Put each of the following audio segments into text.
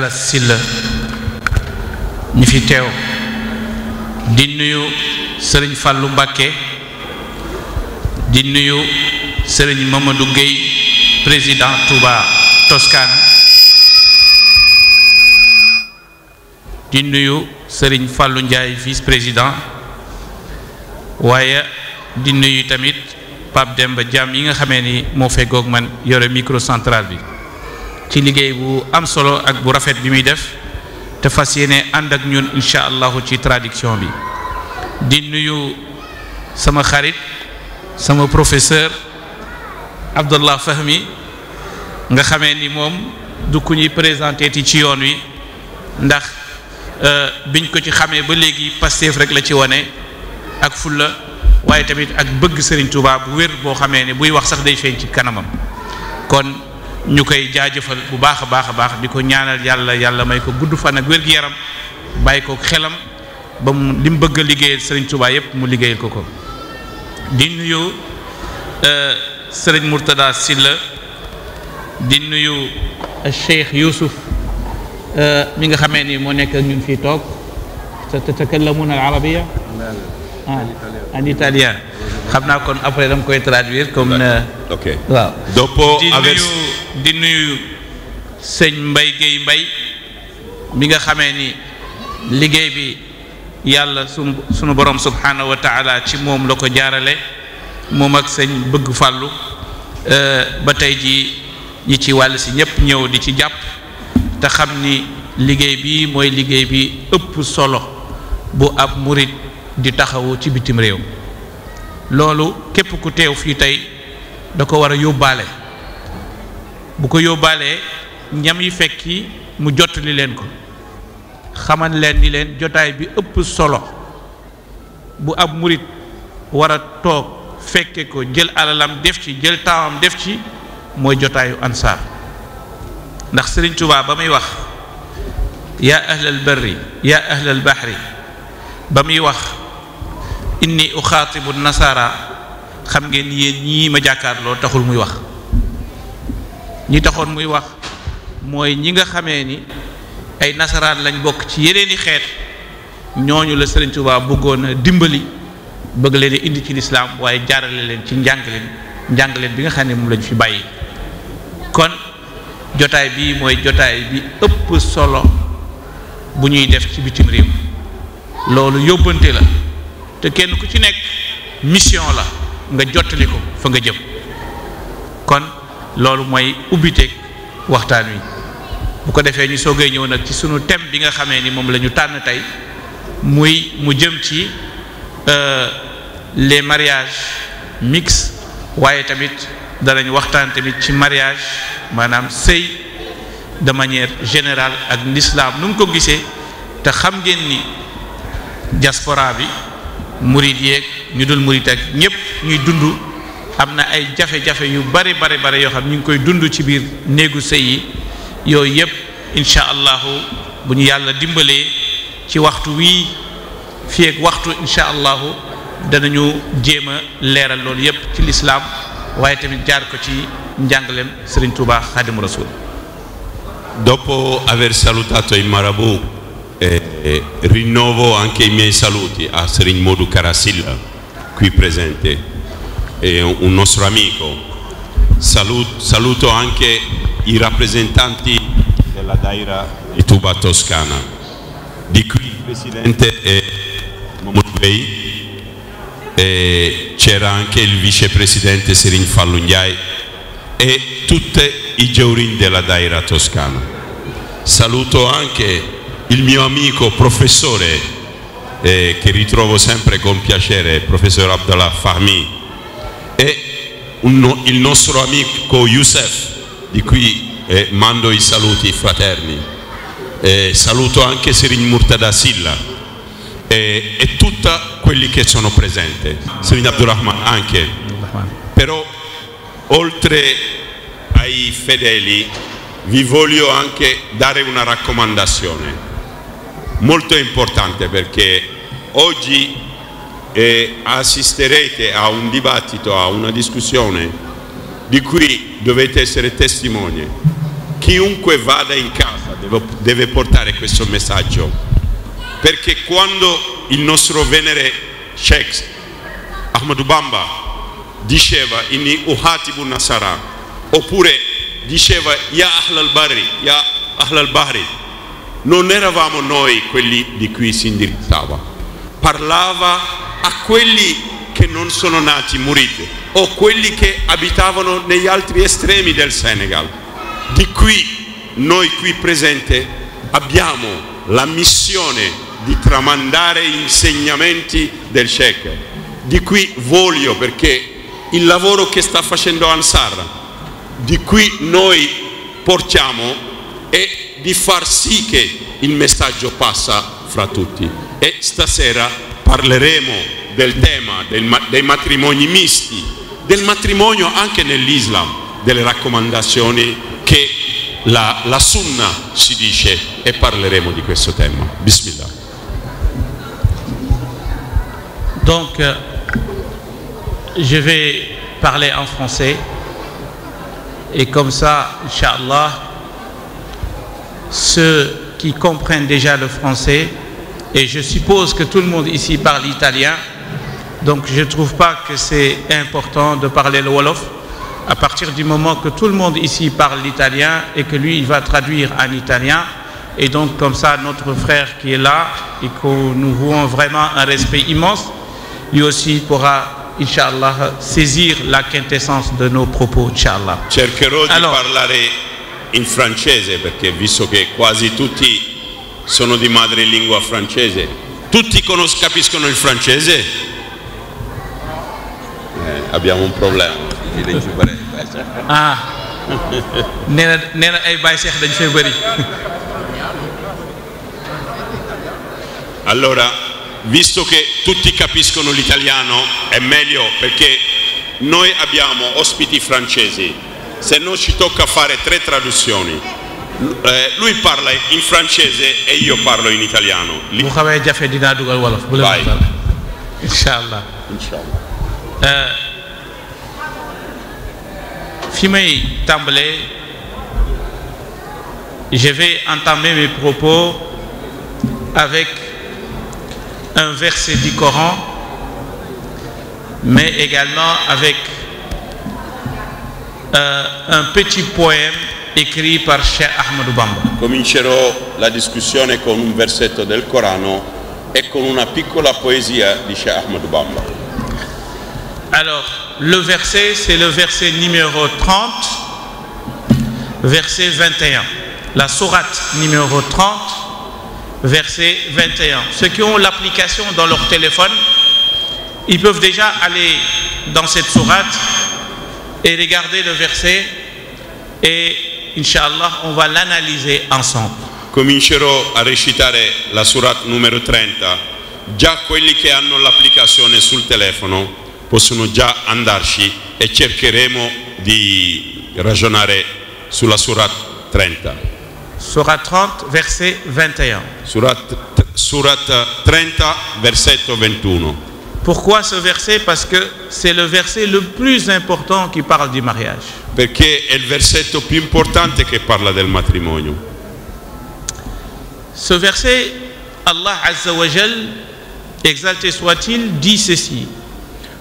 la silla ñi fi teew di nuyu sëriñ Fàllu Mbàkke di nuyu sëriñ Mamadou Gueye président Touba Toscane di nuyu sëriñ Fàllu Ndiaye vice président waaye di nuyu tamit Pape ba Diam yi nga xamee ni moo feggoog man yore micro central bi ci liggéey bu am solo ak bu rafet bi muy def te fas yéene ànd ak ñun incha allahu ci tradiction bi di nuyu sama xarit sama professeur Abdallah Fahmi nga xamee ni moom du ku ñuy présenté ti ci yoon wi ndax euh, biñ ko ci xamee ba léegi Pastef rek la ci wane ak fulla waaye tamit ak bëgg Serigne tubaab bu wér boo xamee ne buy wax sax day feeñ ci kanamam kon. ñu koy jaajëfal bu baax a baax a baax di ko ñaanal yàlla yàlla may ko gudd fan ak wér-gu-yaram bàyyi ko xelam ba mu li bëgg a liggéeyal sëriñ Tuubaa yépp mu liggéeyal ko ko di nuyu euh, sëriñ Mourtada Silla di nuyu euh, Cheikh Youssouf euh, mi nga xamee ni moo nekk ñun fi toog sa tatakallamuuna al arabiya Ah, en italien xam naa kon après dam koy traduire comme na euh, ok waaw dopo aver di nuyu sëñ Mbay Géey Mbay bi nga xamee ni liggéey bi yàlla sunu sunu borom subhanahu wa ci moom la ko jaarale moom ak sëñ bëgg fàllu euh, ba tey ji ñi ci wàll si ñépp ñëw di ci jàpp te xam ni liggéey bi mooy liggéey bi ëpp solo bu ab murit di taxawu ci bitim réew loolu képp ku teew fii tey da ko war a yóbbaale bu ko yóbbaalee ñam yi fekki mu jottali leen ko xaman leen ni leen jotaay bi ëpp solo bu ab murit war a toog fekke ko jël alalam def ci jël taawam def ci mooy jotaayu ansaar ndax Sëriñ Tuubaa ba muy wax yaa ahlal barri yaa ahlal bahri ba muy wax inni uxaatibu nasara xam ngeen yéen ñii ma jàkkaarloo taxul muy wax ñi taxoon muy wax mooy ñi nga xamee ni ay nasaraan lañ bokk ci yeneeni xeet ñooñu la Sëriñ Tuubaa bëggoon a dimbali bëgg leen indi ci lislaam waaye jaarale leen ci njàngaleen njàngaleen bi nga xam ne moom lañu fi bàyyi kon jotaay bii mooy jotaay bi ëpp solo bu ñuy def ci bitim réew loolu yóbbante la te kenn ku ci nekk mission la nga jottali ko fa nga jëm kon loolu mooy ubbiteeg waxtaan wi bu ko defee ñu soogee ñëw nag ci suñu thème bi nga xamee ni moom la ñu tànn tey muy mu jëm ci euh, les mariage mixtes waaye tamit danañ waxtaan tamit ci mariage maanaam sëy de manière générale ak lislaam nu mu ko gisee te xam ngeen ni diaspora bi murit yeeg ñu dul murit ak ñëpp ñuy dund am na ay jafe-jafe yu bari bari bari yoo xam ñu ngi koy dund ci biir néegu sëy yi yooyu yëpp incha allahu bu ñu yàlla dimbalee ci waxtu wii fii waxtu incha allahu danañu jéem a leeral loolu yëpp ci lislaam waaye tamit jaar ko ci njàngaleem Serigne Touba Xaadimu Rasul dopo aver salutato E, e rinnovo anche i miei saluti a Serigne Modou Kara Silla qui presente e un nostro amico saluto, anche i rappresentanti della Daira di Toscana di cui il presidente è e, Mamadou e c'era anche il vicepresidente Serigne Fallou Ndiaye e tutti i giurin della Daira Toscana saluto anche il mio amico professore eh, che ritrovo sempre con piacere, il professor Abdallah Fahmi, e un, il nostro amico Youssef, di cui eh, mando i saluti fraterni. Eh, saluto anche Sirin Murtada Silla eh, e tutti quelli che sono presenti. Sirin Abdurrahman anche. Però oltre ai fedeli vi voglio anche dare una raccomandazione molto importante perché oggi eh, assisterete a un dibattito, a una discussione di cui dovete essere testimoni. Chiunque vada in casa deve, portare questo messaggio perché quando il nostro Venere Sheikh Ahmadou diceva in Uhatibu oppure diceva Ya Ahlal Bari, Ya non eravamo noi quelli di cui si indirizzava, parlava a quelli che non sono nati muride o quelli che abitavano negli altri estremi del Senegal. Di qui noi qui presenti abbiamo la missione di tramandare insegnamenti del Sheikh. Di qui voglio perché il lavoro che sta facendo Ansar, di qui noi portiamo e di far sì che il messaggio passa fra tutti. E stasera parleremo del tema dei matrimoni misti, del matrimonio anche nell'Islam, delle raccomandazioni che la, la Sunna ci dice e parleremo di questo tema. Bismillah. Donc, euh, je vais parler en français et comme ça, Inch'Allah, ceux qui comprennent déjà le français, et je suppose que tout le monde ici parle italien, donc je ne trouve pas que c'est important de parler le Wolof à partir du moment que tout le monde ici parle l'italien et que lui, il va traduire en italien. Et donc, comme ça, notre frère qui est là et que nous vouons vraiment un respect immense, lui aussi pourra, Inch'Allah, saisir la quintessence de nos propos, Inch'Allah. in francese perché visto che quasi tutti sono di madrelingua francese, tutti capiscono il francese? Eh, abbiamo un problema. ah nee na nee na ay Baye Cheikh dañ fee bëri. Allora, visto che tutti capiscono l'italiano, è meglio perché noi abbiamo ospiti francesi se non ci tocca fare tre traduzioni eh, lui parla in francese e io parlo in italiano bu xawee jafe dinaa dugal wolof bu leen dal incha allah incha allah eh, fi may tàmbalee je vais entamer mes propos avec un verset du Coran mais également avec euh, un petit poème écrit par Cheikh Ahmadou Bamba. Comincerò la discussione del Corano e con una piccola poesia di Cheikh Ahmadou Bamba. le verset, c'est le verset numéro 30, verset 21. La sourate numéro 30, verset 21. Ceux qui ont l'application dans leur téléphone, ils peuvent déjà aller dans cette sourate et regardez le verset et inshallah on va l'analyser ensemble. Comincerò a recitare la surat numero 30. Già quelli che hanno l'applicazione sul telefono possono già andarci e cercheremo di ragionare sulla surat verset Surat, Pourquoi ce verset Parce que c'est le verset le plus important qui parle du mariage. Perché è il versetto più importante che parla del matrimonio. Ce verset, Allah Azza wa Jal, exalté soit-il, dit ceci.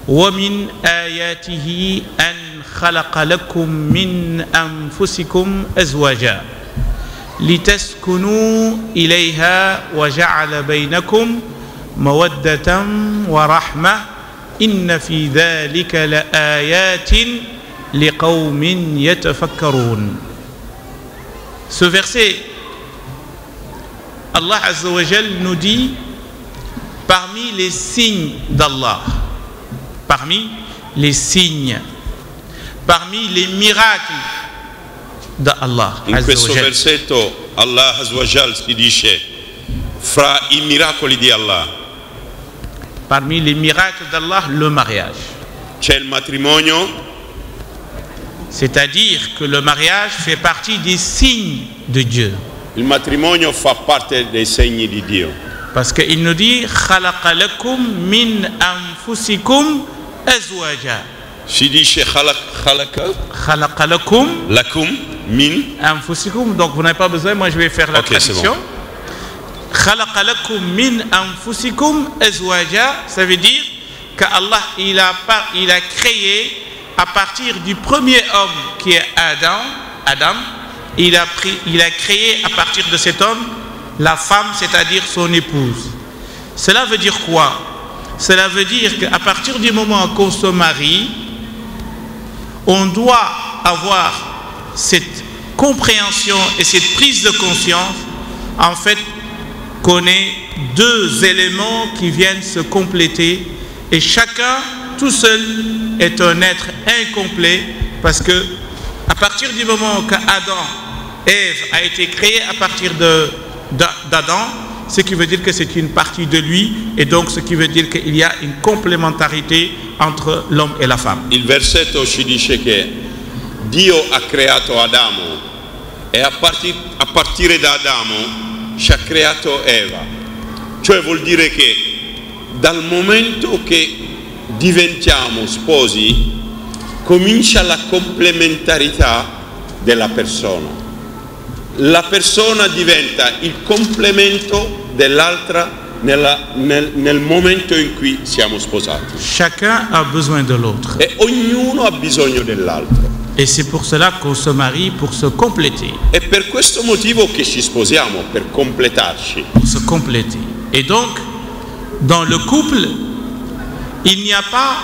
ومن آياته أن خلق لكم من أنفسكم أزواجا لتسكنوا إليها وجعل بينكم مودة ورحمة إن في ذلك لآيات liqawm yatafakkaruun ce verset Allah azza wa jal nous dit parmi les signes d'Allah parmi les signes parmi les miracles d'Allah in questo versetto Allah azza wa jal si dice fra i miracoli di Allah Parmi les miracles d'Allah, le mariage. C'è il matrimonio. C'est-à-dire que le mariage fait partie des signes de Dieu. Il matrimonio fa parte dei segni di Dio. Parce que il nous dit khalaqa lakum min anfusikum azwaja. Si dice khalaqa khalaqa lakum lakum min anfusikum donc vous n'avez pas besoin moi je vais faire la okay, traduction. khalaqa lakum min anfusikum azwaja ça veut dire que Allah il a il a créé à partir du premier homme qui est Adam Adam il a pris il a créé à partir de cet homme la femme c'est-à-dire son épouse cela veut dire quoi cela veut dire qu'à partir du moment qu'on se marie on doit avoir cette compréhension et cette prise de conscience en fait connaît deux éléments qui viennent se compléter et chacun tout seul est un être incomplet parce que à partir du moment qu'Adam, Ève a été créée à partir d'Adam, ce qui veut dire que c'est une partie de lui et donc ce qui veut dire qu'il y a une complémentarité entre l'homme e la femme. Il versetto ci dice che Dio ha creato Adamo e a, partir, a ci ha creato Eva, cioè vuol dire che dal momento che diventiamo sposi comincia la complementarità della persona. La persona diventa il complemento dell'altra nella, nel, nel, momento in cui siamo sposati. Chacun a besoin de l'autre. E ognuno ha bisogno dell'altro. Et c'est pour cela qu'on se marie, pour se compléter. È per questo motivo che ci sposiamo, per completarci. Pour se compléter. Et donc, dans le couple, il n'y a pas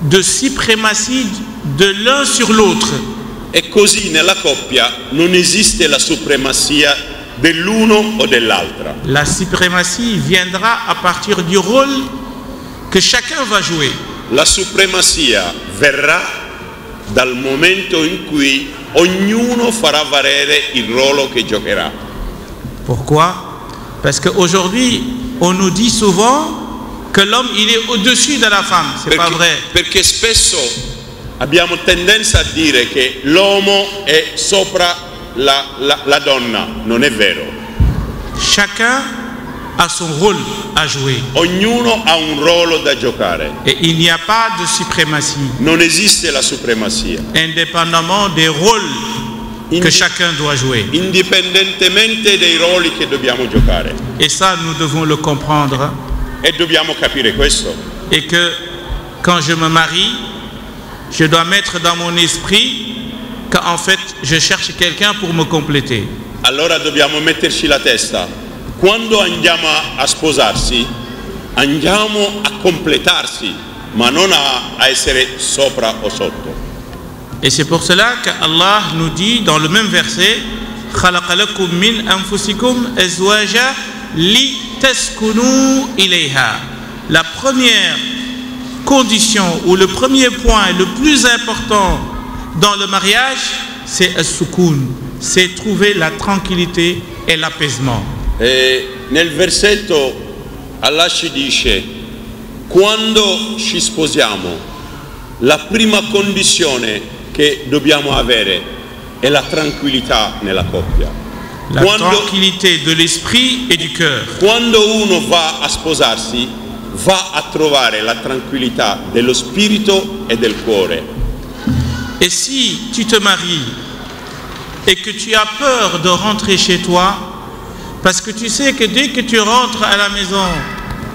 de suprématie de l'un sur l'autre. E così nella coppia non esiste la supremazia dell'uno o dell'altra. La suprématie viendra à partir du rôle que chacun va jouer. La supremazia verrà dal momento in cui ognuno farà valere il ruolo che giocherà. Pourquoi Parce qu'aujourd'hui, on nous dit souvent que l'homme il est au-dessus de la femme, c'est pas vrai. Perché spesso abbiamo tendenza a dire che l'uomo è sopra la donna, non è vero. Chacun a son rôle à jouer. Ognuno ha un ruolo da giocare. Et il n'y a pas de suprématie. Non esiste la supremazia. Indépendamment des rôles que chacun doit jouer. Indipendentemente dei ruoli che dobbiamo giocare. Et ça, nous devons le comprendre. E dobbiamo capire Et que quand je me marie, je dois mettre dans mon esprit qu'en fait, je cherche quelqu'un pour me compléter. Allora dobbiamo metterci la testa. quando andiamo a sposarsi andiamo a completarsi ma non a, essere sopra o sotto et c'est pour cela qu'Allah nous dit dans le même verset خلق la première condition ou le premier point le plus important dans le mariage c'est as-sukun c'est trouver la tranquillité et l'apaisement E nel versetto Allah ci dice, quando ci sposiamo, la prima condizione che dobbiamo avere è la tranquillità nella coppia. La tranquillité de l'esprit et du cœur. Quando uno va a sposarsi, va a trovare la tranquillità dello spirito e del cuore. Et si tu te maries et que tu as peur de rentrer chez toi, Parce que tu sais que dès que tu rentres à la maison,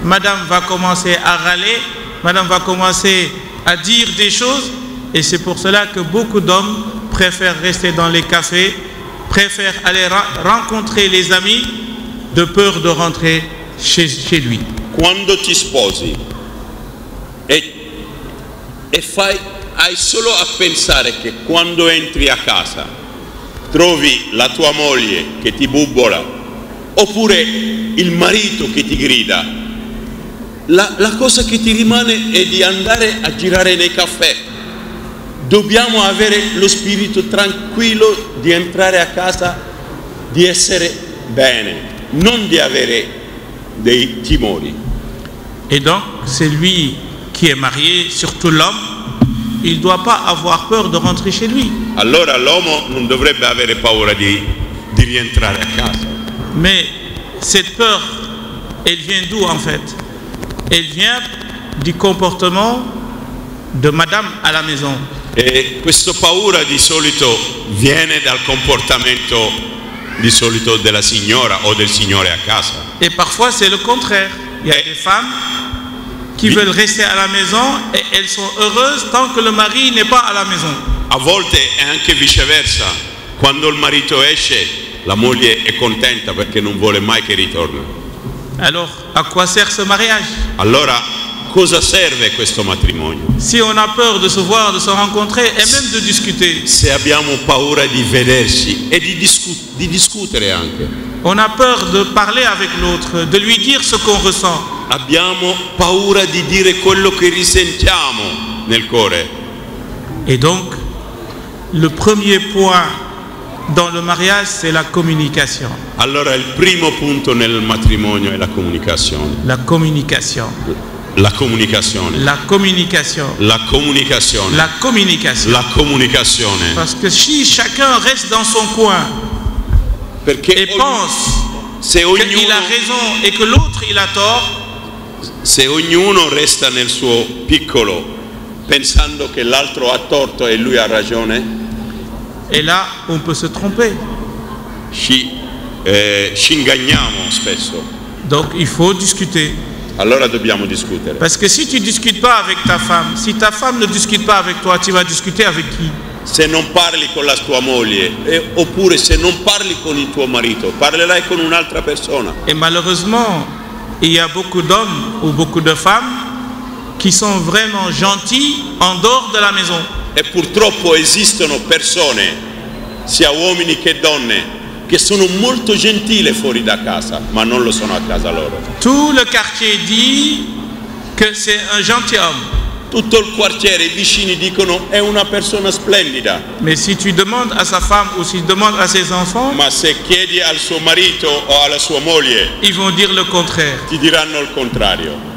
madame va commencer à râler, madame va commencer à dire des choses. Et c'est pour cela que beaucoup d'hommes préfèrent rester dans les cafés, préfèrent aller rencontrer les amis de peur de rentrer chez, lui. Quando ti sposi e, e solo a pensare che quando entri a casa trovi la tua moglie che ti bubbola oppure il marito che ti grida, la, la cosa che ti rimane è di andare a girare nei caffè. Dobbiamo avere lo spirito tranquillo di entrare a casa, di essere bene, non di avere dei timori. Et donc, c'est lui qui est marié, surtout l'homme, il ne doit pas avoir peur de rentrer chez lui. Allora l'uomo non dovrebbe avere paura di, rientrare a casa. Mais cette peur, elle vient d'où en fait Elle vient du comportement de madame à la maison. E questa paura di solito viene dal comportamento di solito della signora o del signore a casa. Et parfois c'est le contraire. Il y a et des femmes qui vi... veulent rester à la maison et elles sont heureuses tant que le mari n'est pas à la maison. A volte è anche viceversa. Quando il marito esce La moglie è contenta perché non vuole mai che ritorni. Alors, à quoi sert ce mariage Allora, cosa serve questo matrimonio? Si on a peur de se voir, de se rencontrer et même de discuter. Se abbiamo paura di vederci e di, discu di discutere anche. On a peur de parler avec l'autre, de lui dire ce qu'on ressent. Abbiamo paura di dire quello che risentiamo nel cuore. Et donc, le premier point Dans le mariage, c'est la comunicazione. Allora il primo punto nel matrimonio è e la comunicazione. La comunicazione. La comunicazione. La comunicazione. La comunicazione. La comunicazione. La comunicazione. Parce que si chacun reste dans son coin Perché e ogni, pense se ognuno, qu'il a raison e che l'autre il a tort, se ognuno resta nel suo piccolo pensando che l'altro ha torto e lui ha ragione, Et là, on peut se tromper. Ci, eh, ci inganniamo spesso. Donc il faut discuter. Allora dobbiamo discutere. Parce que si tu discutes pas avec ta femme, si ta femme ne discute pas avec toi, tu vas discuter avec qui Se non parli con la tua moglie eh, oppure se non parli con il tuo marito, parlerai con un'altra persona. Et malheureusement, il y a beaucoup d'hommes ou beaucoup de femmes qui sont vraiment gentils en dehors de la maison. e purtroppo esistono persone, sia uomini che donne, che sono molto gentili fuori da casa, ma non lo sono a casa loro. Tout le quartier dit que c'est un gentilhomme. Tutto il quartiere, i vicini dicono è una persona splendida. Mais si tu demandes à sa femme ou si demandes à ses enfants, ma se chiedi al suo marito o alla sua moglie, ils vont dire le contraire. Ti diranno il contrario.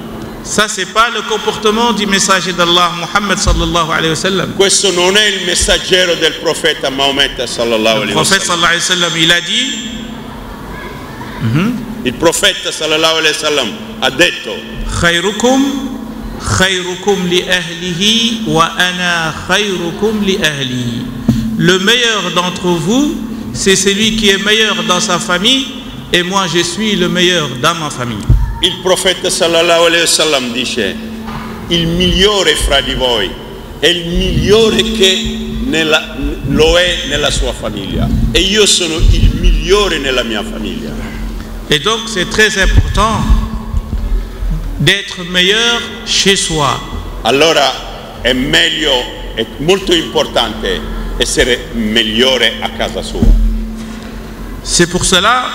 Ça, c'est pas le comportement du messager d'Allah, Muhammad sallallahu alayhi Questo non è il messaggero del profeta Maometto sallallahu alayhi il a dit. Mhm. Il profeta sallallahu alayhi wa sallam ha detto. Khayrukum khayrukum li ana khayrukum li ahli. Le meilleur d'entre vous, c'est celui qui est meilleur dans sa famille et moi je suis le meilleur dans ma famille. Il profeta sallallahu alaihi wasallam dice, il migliore fra di voi è il migliore che nella, lo è nella sua famiglia e io sono c'est très important d'être meilleur chez soi. Allora è meglio, è molto importante essere migliore a casa sua. C'est pour cela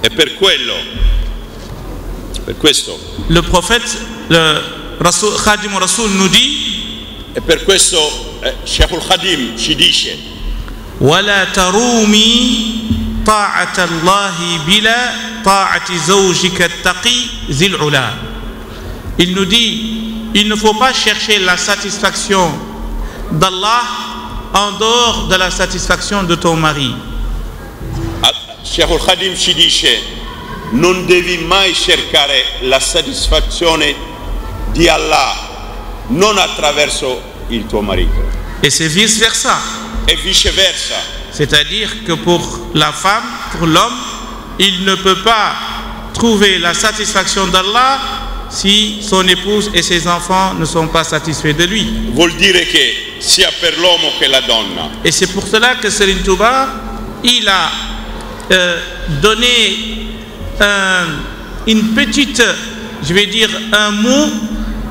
E per quello, per questo. Le prophète, le Rasul, Khadim Rasul nous dit. E per questo eh, Sheikh al-Khadim ci dice. ولا ترومي طاعة الله بلا طاعة زوجك التقي ذي Il nous il ne faut pas chercher la satisfaction d'Allah de la satisfaction de ton mari. Sheikhul Khadim ci dice non devi mai cercare la soddisfazione di Allah non attraverso il tuo marito. Et c'est vice-versa. Et vice-versa. C'est-à-dire que pour la femme, pour l'homme, il ne peut pas trouver la satisfaction d'Allah si son épouse et ses enfants ne sont pas satisfaits de lui. Vuol dire che sia per l'uomo che la donna. Et c'est pour cela que Serigne il a euh, donner un, euh, une petite, je vais dire un mot,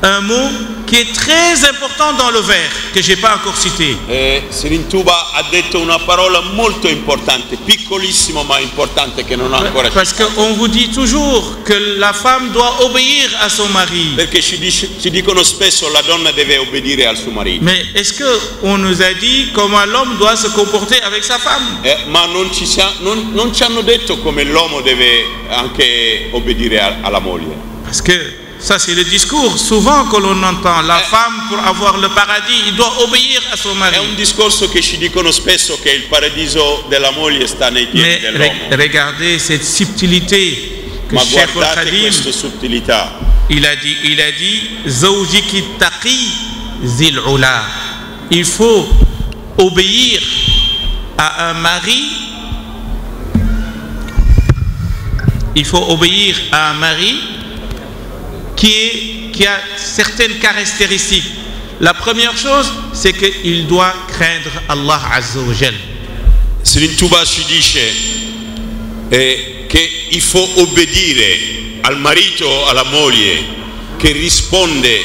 un mot qui est très important dans le vers che j'ai pas encore cité. Eh, Serigne Touba ha detto una parola molto importante, piccolissimo ma importante che non ho ancora Parce que on vous dit toujours que la femme doit obéir à son mari. Perché ci, dice, ci dicono spesso la donna deve obbedire al suo marito. Mais est-ce que on nous a dit comment l'homme doit se comporter avec sa femme? Eh, ma non ci, sia, non, non ci hanno detto come l'uomo deve anche obbedire a, alla moglie. Parce que c'est le discours souvent que l'on entend. La eh. femme, pour avoir le paradis, il doit obéir a suo marito. È un discorso che ci dicono spesso che il paradiso moglie sta nei piedi dell'uomo. regardez cette subtilité que Ma Cheikh guardate Il a dit, il taqi zil ula. Il faut obéir à un mari qui, est, qui certaines caractéristiques. La première chose, c'est qu'il doit craindre Allah Azza wa Jal. Serigne Touba dice eh, che il faut obbedire al marito, alla moglie che risponde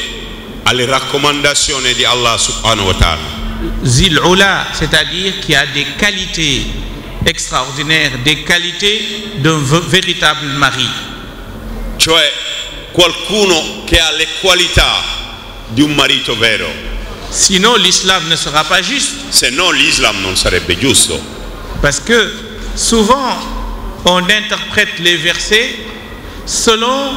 alle raccomandazioni di Allah subhanahu wa ta'ala. Zil Ula, c'est-à-dire qui a des qualités extraordinaires, des qualités d'un véritable mari. Cioè qualcuno che ha le qualità di un marito vero. Sinon l'islam ne sera pas juste. Se no l'islam non sarebbe giusto. Parce que souvent on interprète les versets selon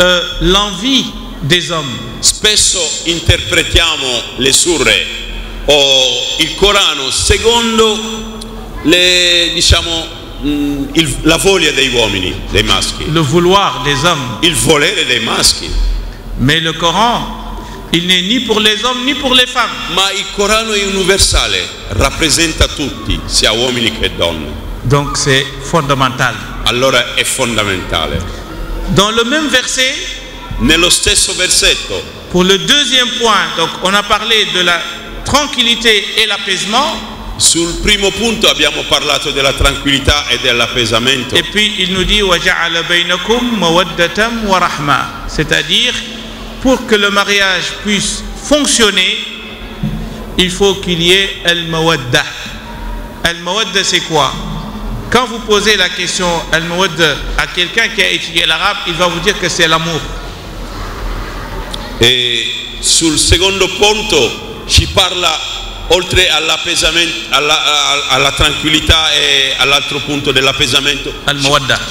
euh, l'envie des hommes. Spesso interpretiamo le surre o il Corano secondo le diciamo Mm, la voglia degli uomini, dei maschi. Le vouloir des maschi. Mais le Coran n'est ni pour les hommes ni pour les femmes. Ma il Corano è universale, rappresenta tutti, sia uomini che donne. Donc c'est fondamental. Dans le même verset, nello stesso versetto, pour le deuxième point, on a parlé de la tranquillité et l'apaisement. Sul primo punto abbiamo parlato della tranquillità e dell'appesamento. Et il nous dit وجعل بينكم مودة ورحمة, cest à pour que le mariage puisse fonctionner, il faut qu'il y ait al-mawadda. c'est quoi? Quand vous posez la question al quelqu'un qui a étudié l'arabe, il va vous dire que c'est l'amour. Et sul secondo punto ci parla oltre all'appesamento, alla, alla, alla, tranquillità e all'altro punto dell'appesamento, ci,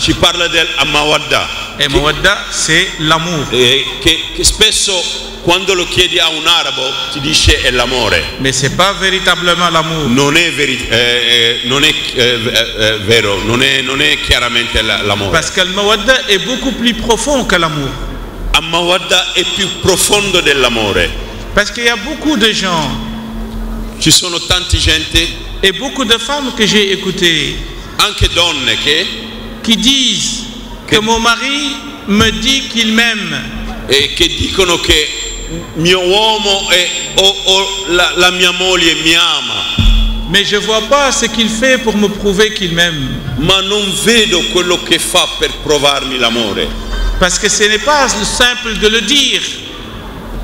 ci, parla del Amawadda. E eh, l'amour. Eh, lo chiedi a un arabo ti dice è l'amore. Ma c'est pas véritablement l'amour. Non è, eh, eh, vero, non è, chiaramente l'amore. Parce que Mawadda est beaucoup plus profond que l'amour. Amawadda è più profondo dell'amore. Parce qu'il y a beaucoup de gens Ci sono tante gente et beaucoup de femmes que j'ai écoutées anche donne che qui disent que mon mari me dit qu'il m'aime e che dicono che mio uomo la, mia moglie mi ama mais je vois pas ce qu'il fait pour me prouver qu'il m'aime ma non vedo quello che fa per provarmi l'amore parce que ce n'est pas simple de le dire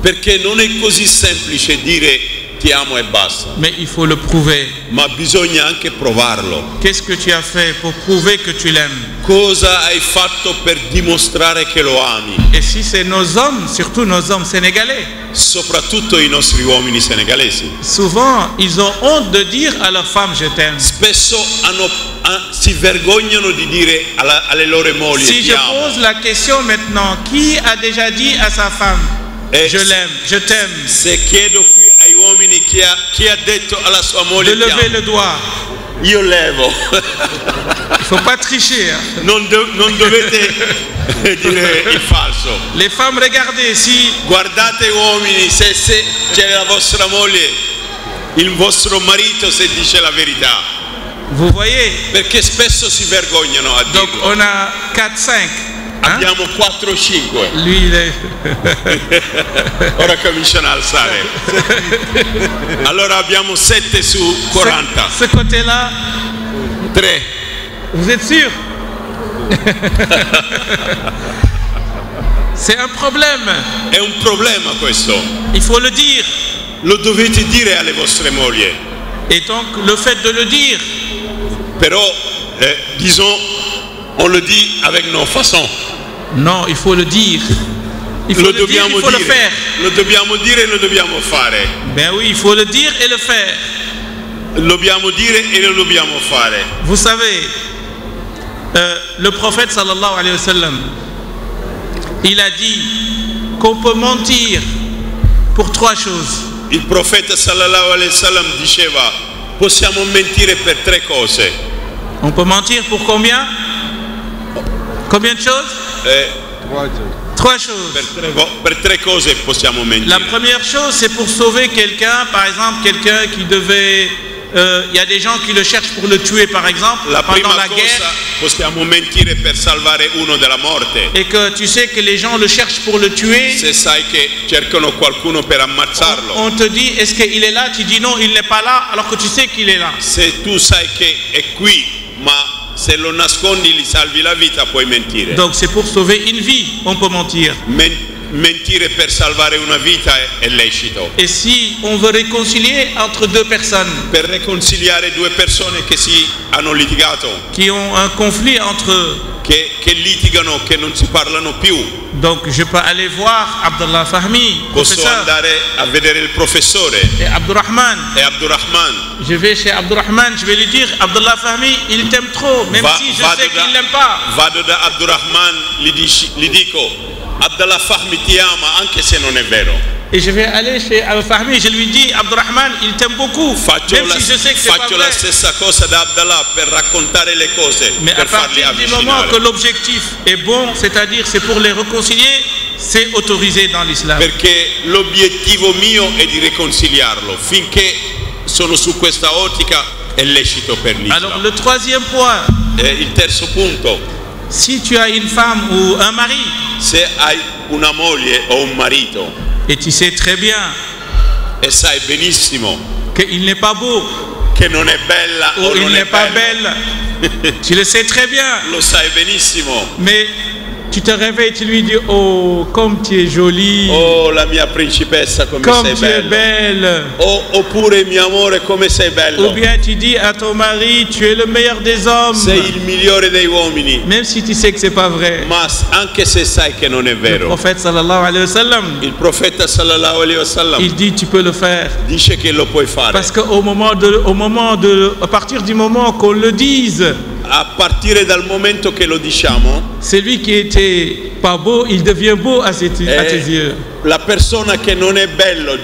perché non è così semplice dire mettiamo e basta. Mais il faut le prouver. Ma bisogna anche provarlo. Qu'est-ce que tu as fait pour prouver que tu l'aimes? Cosa hai fatto per dimostrare che lo ami? E si c'est nos hommes, surtout nos hommes sénégalais. Soprattutto i nostri uomini senegalesi. Souvent, ils ont honte de dire à leur femme je t'aime. Spesso hanno, ah, si vergognano di dire alla, alle loro mogli Si je amo. pose la question maintenant, qui a déjà dit à sa femme e je l'aime, je t'aime? Se chiedo qui chi ha, chi ha detto alla sua moglie. De lever le doigt. Io levo. Il faut pas tricher. Non, do, dire il falso. Le femme regardez si. Guardate uomini se, c'è la vostra moglie, il vostro marito se dice la verità. Vous voyez? Perché spesso si vergognano a dirlo. on a 4 5 Ah? Abbiamo quattro cinque. abbiamo 7 su 40. Ce, côté-là 3. Vous êtes sûr C'est un problème. È un problema questo. Il faut le dire. Lo dovete dire alle vostre mogli. Et donc le fait de le dire. Però eh, disons On le dit avec nos façons. Non, il faut le dire. Il faut le, le dire, il le faire. Lo dobbiamo dire e le dire et le faire. Lo dobbiamo dire e lo dobbiamo fare. Vous savez, euh, le prophète sallallahu alayhi wa sallam, il a dit qu'on peut mentir pour trois choses. Il prophète sallallahu alayhi wa sallam diceva possiamo mentire per tre cose. On peut mentir pour combien? Combien di choses? Eh. Trois choses. Per tre cose possiamo mentire. La première chose, c'est pour sauver quelqu'un, par exemple, quelqu'un qui devait euh, il y a des gens qui le cherchent pour le tuer, par exemple, la pendant la guerre. Possiamo mentire per salvare uno dalla morte. Et que tu sais que les gens le cherchent pour le tuer. cercano qualcuno per ammazzarlo. On, te dit est-ce qu'il est là? Tu dis non, il n'est pas là, alors que tu sais qu'il est là. Se qui, ma Se lo nascondi li salvi la vita, puoi mentire. Donc c'est pour sauver une vie, on peut mentir. Men mentire per salvare una vita è, è Et si on veut réconcilier entre deux personnes Per riconciliare due persone che si hanno litigato, qui ont un conflit entre eux, che, litigano, che non si più, donc je peux aller voir Abdallah Fahmi, posso andare a vedere il professore et Abdurrahman. e Abdurrahman. Fahmi, il t'aime trop, même si je sais qu'il l'aime pas. Vado da Abdurrahman, gli, dici- gli dico Abdallah Fahmi Tiama anche se non è vero. Et je vais aller chez Al-Fahmi je lui dis Abdurrahman, il t'aime beaucoup. Faccio si je sais que c'est pas la stessa cosa da Abdallah per raccontare le cose, per farle partir que l'objectif est bon, c'est-à-dire c'est pour les réconcilier, c'est autorisé dans l'islam. Perché l'obiettivo mio è di riconciliarlo. Finché sono su questa ottica è lecito per l'Islam. le troisième point. Eh, il terzo punto. Si tu as une femme ou un mari, se hai una moglie o un marito et tu sais très bien e sai benissimo qu'il n'est pas beau che n'est pas belle, tu le sais très bien mais Tu te réveilles, tu lui dis Oh, comme tu es jolie. Oh, la mia principessa, comme, comme tu belle. es belle. Oh, oppure mio amore, come sei bello. Ou bien tu dis à ton mari Tu es le meilleur des hommes. Sei il migliore dei uomini. Même si tu sais que c'est pas vrai. Ma anche se sai che non è vero. Le prophète sallallahu alayhi wa sallam. Il prophète sallallahu alayhi wa sallam. Il dit Tu peux le faire. Dice che lo puoi fare. Parce qu'au moment de, au moment de, à partir du moment qu'on le dise. a partire dal momento che lo diciamo. Celui qui était pas beau, il devient beau à ses, à tes yeux. La persona che non è bello,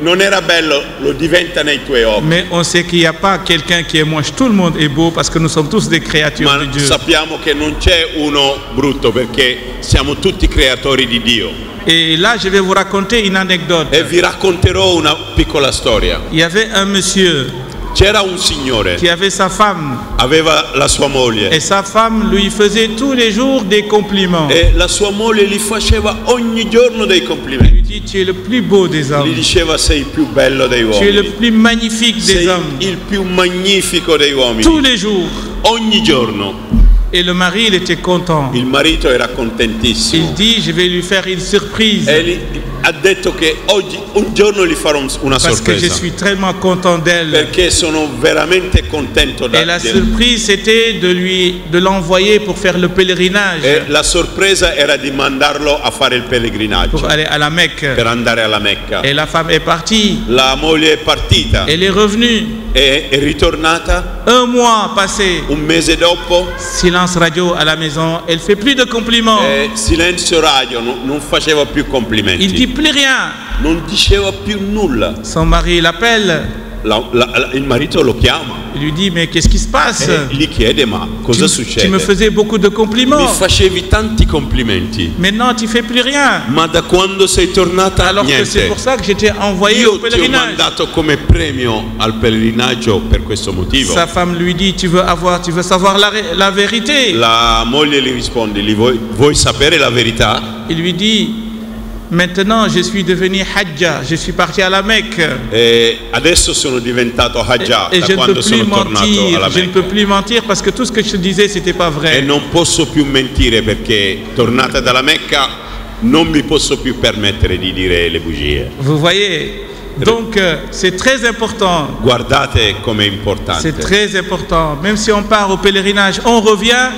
non era bello, lo diventa nei tuoi occhi. Mais on sait qu'il n'y a pas quelqu'un qui est moche, tout le monde est beau parce que nous sommes tous des créatures Ma di Dio. sappiamo che non c'è uno brutto perché siamo tutti creatori di Dio. Et là, je vais vous raconter une anecdote. E vi racconterò una piccola storia. Il y avait un monsieur C'era un signore qui avait sa femme. Aveva la sua moglie. Et sa femme lui faisait tous les jours des compliments. E la sua moglie gli faceva ogni giorno dei complimenti. Elle lui dit tu es le plus beau des hommes. Gli diceva sei il più bello dei uomini. Tu es le plus magnifique des sei hommes. il più magnifico dei uomini. Tous les jours. Ogni giorno. Et le mari, il était content. Il marito era contentissimo. Il dit, je vais lui faire une surprise. E detto che oggi un giorno gli farò una Parce sorpresa. Parce que je suis tellement content d'elle. Perché Et la surprise c'était de l'envoyer pour faire le pèlerinage. E la sorpresa era di mandarlo a fare il pellegrinaggio. Pour la Mecque. Per andare alla Mecca. Et la femme est partie. La moglie est revenue. E è ritornata. Un mois passé. Un mese dopo. Silence radio à la plus de compliments. Eh, radio, non, faceva più complimenti. Il plus rien. Non diceva più nulla. Son mari l'appelle. La, la, la, il marito lo chiama. Il lui dit mais qu'est-ce qui se passe? E gli chiede ma cosa tu, succede? Tu me faisais beaucoup de compliments. Mi facevi tanti complimenti. Maintenant tu fais plus rien. Ma da quando sei tornata Alors niente. c'est pour ça que j'étais envoyé Io au pellegrinaggio. Io ti ho mandato come premio al pellegrinaggio per questo motivo. Sa femme lui dit tu veux avoir tu veux savoir la, la vérité. La moglie gli risponde vuoi, vuoi sapere la verità? Il lui dit Maintenant je suis devenu Hajja, je suis parti alla Mecca. adesso sono diventato Hajja e, Je ne peux plus mentir parce que tout ce que je disais c'était pas vrai. E non posso più mentire perché tornata dalla Mecca non mi posso più permettere di dire le bugie. Vous voyez? Eh donc euh, c'est très important. Guardate com'è si on part au pèlerinage, on revient,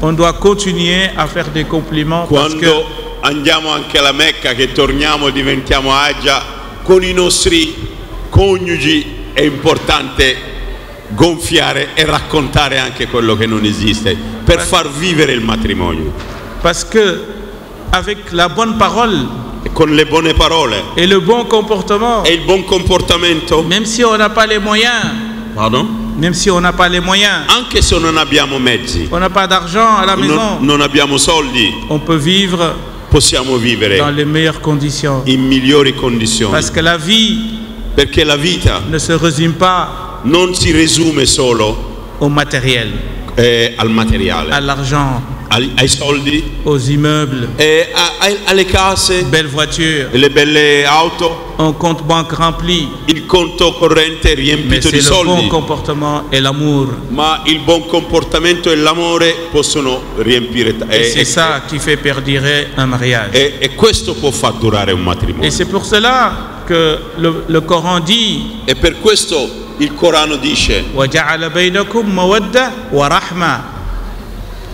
on doit continuer à faire des compliments parce que andiamo anche alla Mecca che torniamo, diventiamo Agia con i nostri coniugi, è importante gonfiare e raccontare anche quello che non esiste per far vivere il matrimonio. Parce que avec la bonne parole e con le buone parole bon comportement e il buon comportamento même si on n'a pas les moyens même si on n'a pas les moyens anche se non abbiamo mezzi on n'a pas d'argent à la maison non abbiamo soldi on peut vivre possiamo vivere dans les meilleures conditions. in Parce que la vie perché la vita ne se résume pas non si resume solo au matériel, eh, al materiale, à l'argent, ai, soldi, aux immeubles, e a, a, alle case, belle voiture, le belle un compte banque rempli. Il conto corrente riempito di soldi. Ma se il buon comportamento e l'amore. Ma il buon comportamento e l'amore possono riempire. E, e c'est e- ça qui fait perdere un mariage. E, e questo può far durare un matrimonio. Et c'est pour cela que le, le Coran dit. E per questo il Corano dice. وجعل بينكم مودة ورحمة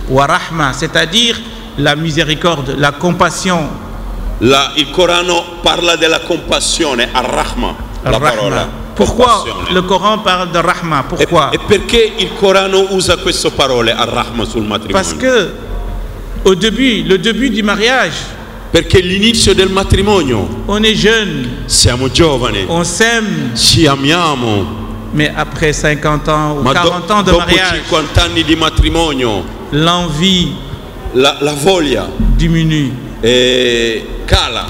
ورحمة, c'est-à-dire la miséricorde, la compassion. La, il Corano parla della compassione, ar-Rahma, la parola. Pourquoi le Coran parle de Rahma Pourquoi e, e perché il Corano usa queste parole, ar-Rahma, sul matrimonio? Parce que, au début, le début du mariage, perché l'inizio del matrimonio. On est jeune. Siamo giovani. On s'aime. Ci amiamo. Mais après 50 ans ou Ma 40 do, ans de dopo mariage, 50 anni di matrimonio, l'envie, la, la voglia diminue. eh, cala.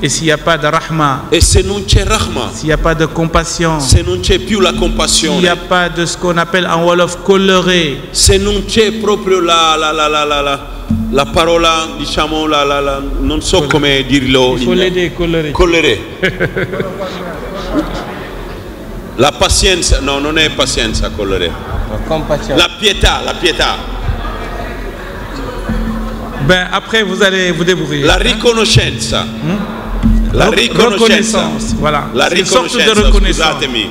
E s'il n'y a pas de rahma, E se n'y a pas de compassion, se la s'il n'y a pas de ce qu'on appelle en Wolof coloré, se non la, la, la, la, parola, diciamo, la, la, non so come dirlo, il faut La pazienza, non è pazienza collere. La pietà, la pietà. Ben, après, vous allez vous débrouiller. La riconoscenza. Hein? Hmm? La reconnaissance. reconnaissance. Voilà. La riconoscenza, sorte de reconnaissance. Scusatemi.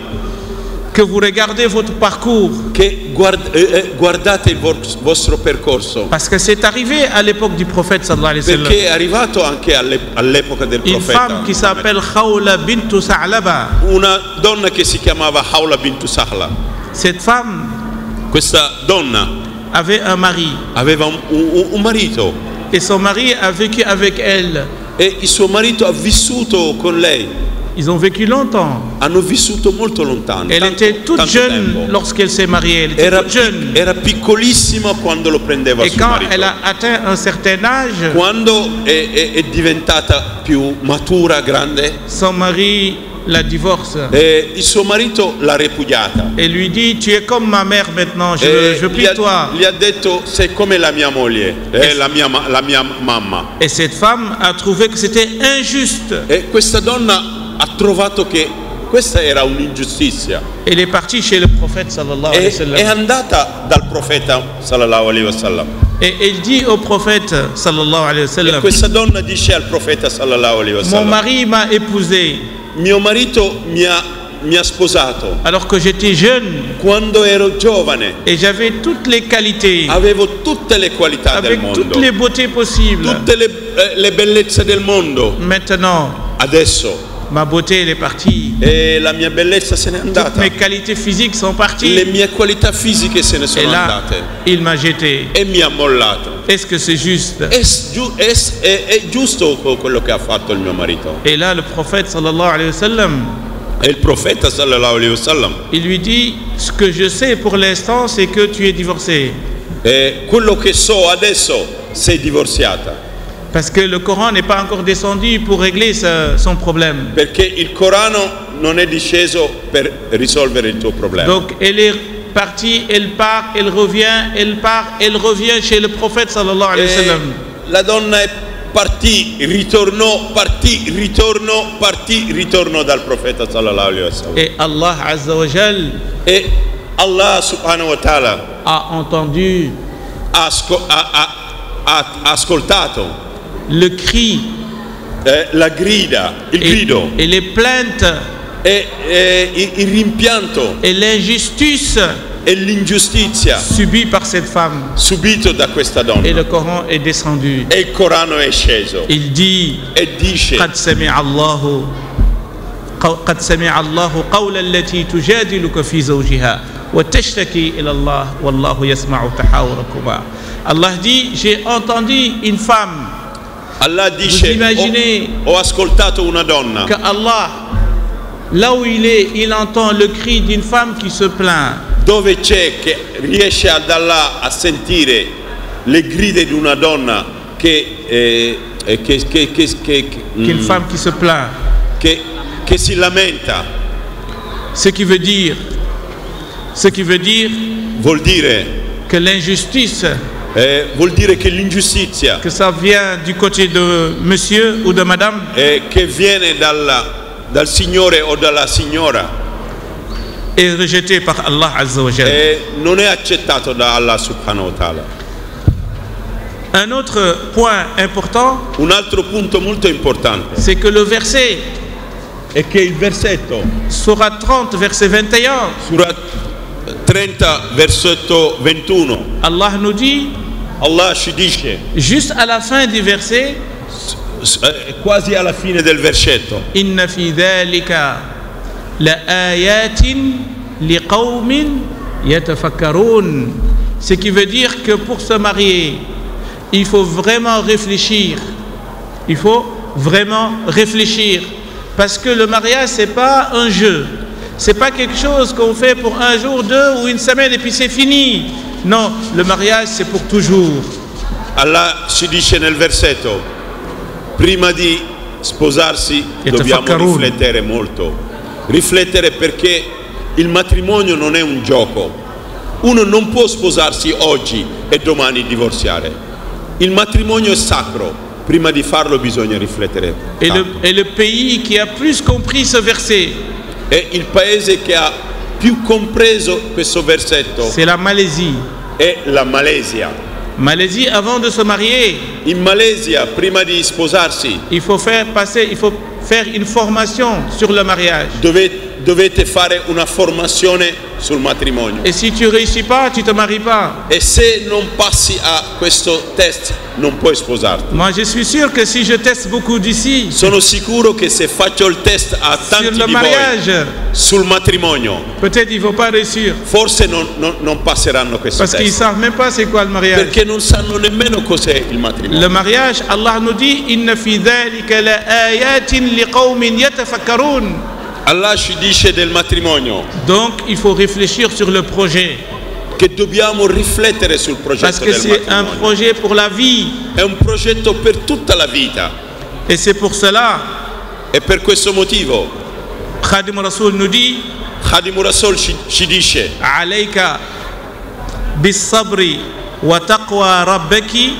Che vous regardez votre parcours. Che guard, eh, guardate il vostro percorso. Parce que c'est arrivé à l'époque du prophète sallallahu alayhi wa sallam. Perché è arrivato anche all'epoca del Une profeta. Une femme qui s'appelle Khawla bint Sa'laba. Una donna che si chiamava Khawla bint Sa'la. Cette femme. Questa donna. avait un mari. Aveva un, un, un marito. Et son mari a vécu avec elle. E il suo marito ha vissuto con lei. Ils ont vécu longtemps. Hanno vissuto molto lontano. Elle tanto, était toute jeune lorsqu'elle s'est mariée. Elle était era, toute jeune. Era piccolissima quando lo prendeva Et suo quand marito. elle a atteint un certain âge. Quando è, è, è diventata più matura, grande. Son mari la divorce. E il suo marito l'ha ripudiata. E lui dit tu es comme ma mère maintenant, je, e je prie gli ha, toi. Gli ha detto sei come la mia moglie, eh, la, mia, la mia mamma. E cette femme a trouvé que c'était injuste. E questa donna ha trovato che questa era un'ingiustizia. Elle est partie chez le prophète sallallahu alayhi wa sallam. È andata dal profeta sallallahu alayhi wa sallam. Et elle dit au prophète sallallahu alayhi wa e sallam. E questa donna dice al profeta sallallahu alayhi wa sallam. Mon mari m'a épousée. mio marito mi ha, mi ha sposato. Alors que j'étais jeune. Quando ero giovane. Et j'avais toutes les qualités. Avevo tutte le qualità del mondo. Avec toutes les beautés possibles. Tutte le, eh, le bellezze del mondo. Maintenant. Adesso. Ma beauté, elle est partie. Et la mia bellezza se n'è andata. Toutes mes qualités physiques sont parties. Le mie qualità fisiche se ne sono là, andate. Il m'a jeté. E mi ha mollato. Est-ce que c'est juste? È, è, è giusto quello che ha fatto il mio marito? Et là, le prophète sallallahu alayhi wa sallam et le prophète sallallahu alayhi wa sallam. Il lui dit ce que je sais pour l'instant c'est que tu es divorcé. E quello che so adesso sei divorziata. Parce que le Coran n'est pas encore descendu pour régler sa, son problème. Perché il Corano non è disceso per risolvere il tuo problema. Donc elle est partie, elle part, elle revient, elle part, elle revient chez le prophète sallallahu alayhi wa sallam. La donna è partì, ritornò, partì, ritornò, partì, ritornò dal profeta sallallahu alayhi wa sallam. Et Allah azza wa jal et Allah subhanahu wa ta'ala a entendu a, a, a, a ascoltato le cri, eh, la grida, il et, grido, et les plaintes, e, e il rimpianto, e l'injustice e l'ingiustizia subita par cette femme subito da questa donna et le Coran est descendu e il Corano è sceso il dit e dice قد سمع الله قد سمع الله قول التي تجادلك في زوجها وتشتكي إلى الله والله يسمع تحاوركما Allah dit j'ai entendu une femme Allah dice, Vous imaginez ho, ho ascoltato una donna. Que Allah, là où il est, il entend le cri d'une femme qui se plaint. Dove c'è che riesce ad Allah a sentire le grida di una donna che, eh, eh che, che, che, che mm, une femme qui se plaint. Che, che si lamenta. Ce qui veut dire, ce qui veut dire, vuol dire che l'ingiustizia Eh, vuol dire che l'ingiustizia che ça vient du côté de monsieur ou de madame eh, che viene dalla, dal signore o dalla signora est rejetée par Allah Azza e da Allah Subhanahu wa Ta'ala un autre point important un altro punto molto importante c'est que le verset è e che il versetto Sourate 30 verset 21 Allah nous dit Allah ci dice juste à la fin du verset quasi alla fine del versetto inna fi dhalika la ayatin li qawmin yatafakkarun ce qui veut que pour se marier il faut vraiment réfléchir faut vraiment réfléchir parce que le mariage c'est pas un jeu c'est pas quelque chose qu'on fait pour un jour deux ou une semaine et puis c'est fini Non, le mariage c'est pour toujours. Allah ci dice nel versetto, prima di sposarsi e dobbiamo riflettere molto. Riflettere perché il matrimonio non è un gioco. Uno non può sposarsi oggi e domani divorziare. Il matrimonio est sacro. Prima di farlo bisogna riflettere. Et e le, pays qui a plus compris ce verset. Et il paese che ha più compreso questo versetto. C'est la Malaisie. et la Malesia. Malaisie avant de se marier. In Malesia, prima di sposarsi. Il faut faire passer, il faut faire une formation sur le mariage. dovete fare una formazione sul matrimonio. E se tu riesci pas, tu te maries pas. E se non passi a questo test, non puoi sposarti. Ma je suis sûr que si je teste beaucoup d'ici. Sono sicuro che se faccio il test a tanti di mariage, voi sul matrimonio. Peut-être ils vont pas réussir. Forse non, non, non passeranno questo Parce test. Parce même pas c'est quoi le mariage. Perché non sanno nemmeno cos'è il matrimonio. Le mariage, Allah nous dit inna fi dhalika la ayatin liqaumin yatafakkarun. Allah ci dice del matrimonio. Donc il faut réfléchir sur le projet. Che dobbiamo riflettere sul progetto Parce del matrimonio. Parce que c'est un projet pour la vie. È un progetto per tutta la vita. Et c'est pour cela. E per questo motivo. Oh? Khadim Rasoul nous dit. Khadim Rasoul ci, ci dice. Alayka bis-sabri wa taqwa rabbaki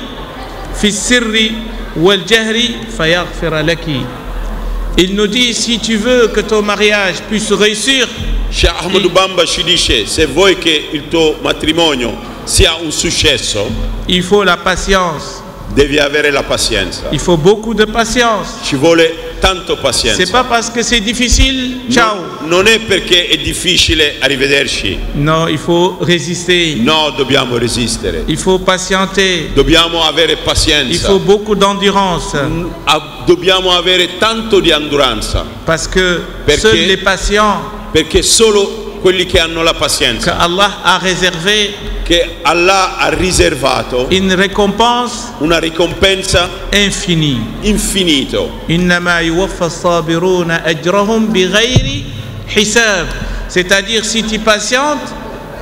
fi sirri wal jahri fayaghfir laki. Il nous dit si tu veux que ton mariage puisse réussir, Cheikh Ahmadou Bamba ci dice se vuoi che il tuo matrimonio sia un successo, il faut la patience. Devi avere la pazienza. Il faut beaucoup de patience. Ci vuole tanto pazienza. C'est pas parce che c'est difficile, ciao. Non, non è perché è difficile, arrivederci. No, il faut résister. No, dobbiamo resistere. Il faut patienter. Dobbiamo avere pazienza. Il faut beaucoup d'endurance. Mm, dobbiamo avere tanto di anduranza. Parce que perché, seuls les patients perché solo quelli che hanno la pazienza. Que Allah a réservé. Che Allah ha riservato. Une récompense. Una ricompensa. Infinie. Infinito. إنما يوفى الصابرون أجرهم بغير حساب. C'est-à-dire si tu patientes,